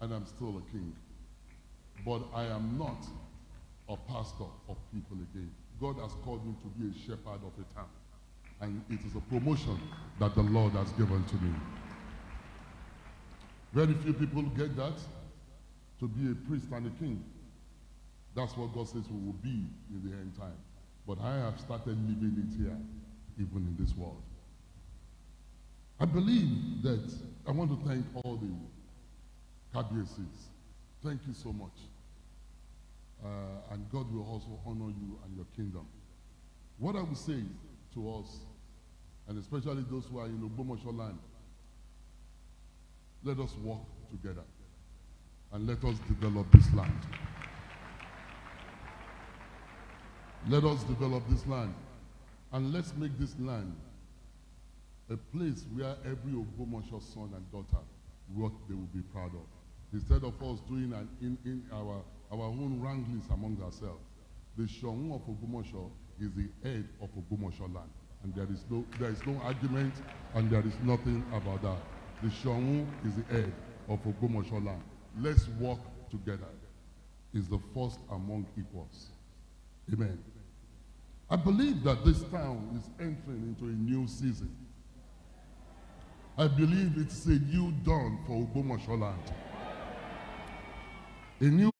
And I'm still a king. But I am not a pastor of people again. God has called me to be a shepherd of a town. And it is a promotion that the Lord has given to me. Very few people get that to be a priest and a king. That's what God says we will be in the end time. But I have started living it here even in this world. I believe that I want to thank all the KBSCs. Thank you so much. Uh, and God will also honor you and your kingdom. What I would say to us, and especially those who are in Ogbomosho land, let us work together and let us develop this land. Let us develop this land. And let's make this land a place where every Obomoshire son and daughter, what they will be proud of. Instead of us doing an, in, in our, our own wranglings among ourselves, the Shongu of Obomoshire is the head of Obomoshire land. And there is, no, there is no argument and there is nothing about that. The Shongu is the head of Obomoshire land. Let's work together. Is the first among equals. Amen. I believe that this town is entering into a new season. I believe it's a new dawn for Ogbomosholand. A new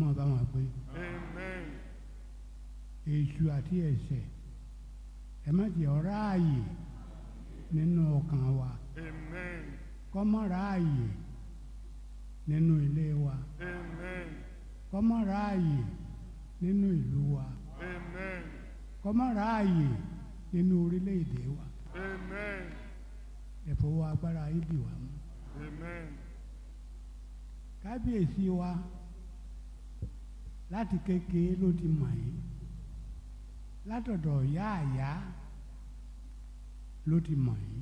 kọ́ bá wọn pé èṣù àti ẹ̀ṣẹ̀ ẹ má jẹ́ ó ráàyè nínú ọkàn wa kọ́ má ráàyè nínú ilé wa kọ́ má ráàyè nínú ìlú wa kọ́ má ráàyè nínú orílẹ̀-èdè wa ẹ̀fọ́ wa agbára ibi wa mú kábíyèsí wa. Amen láti kékeré ló ti mọ̀ yín látọ̀dọ̀ yáàyá ló ti mọ̀ yín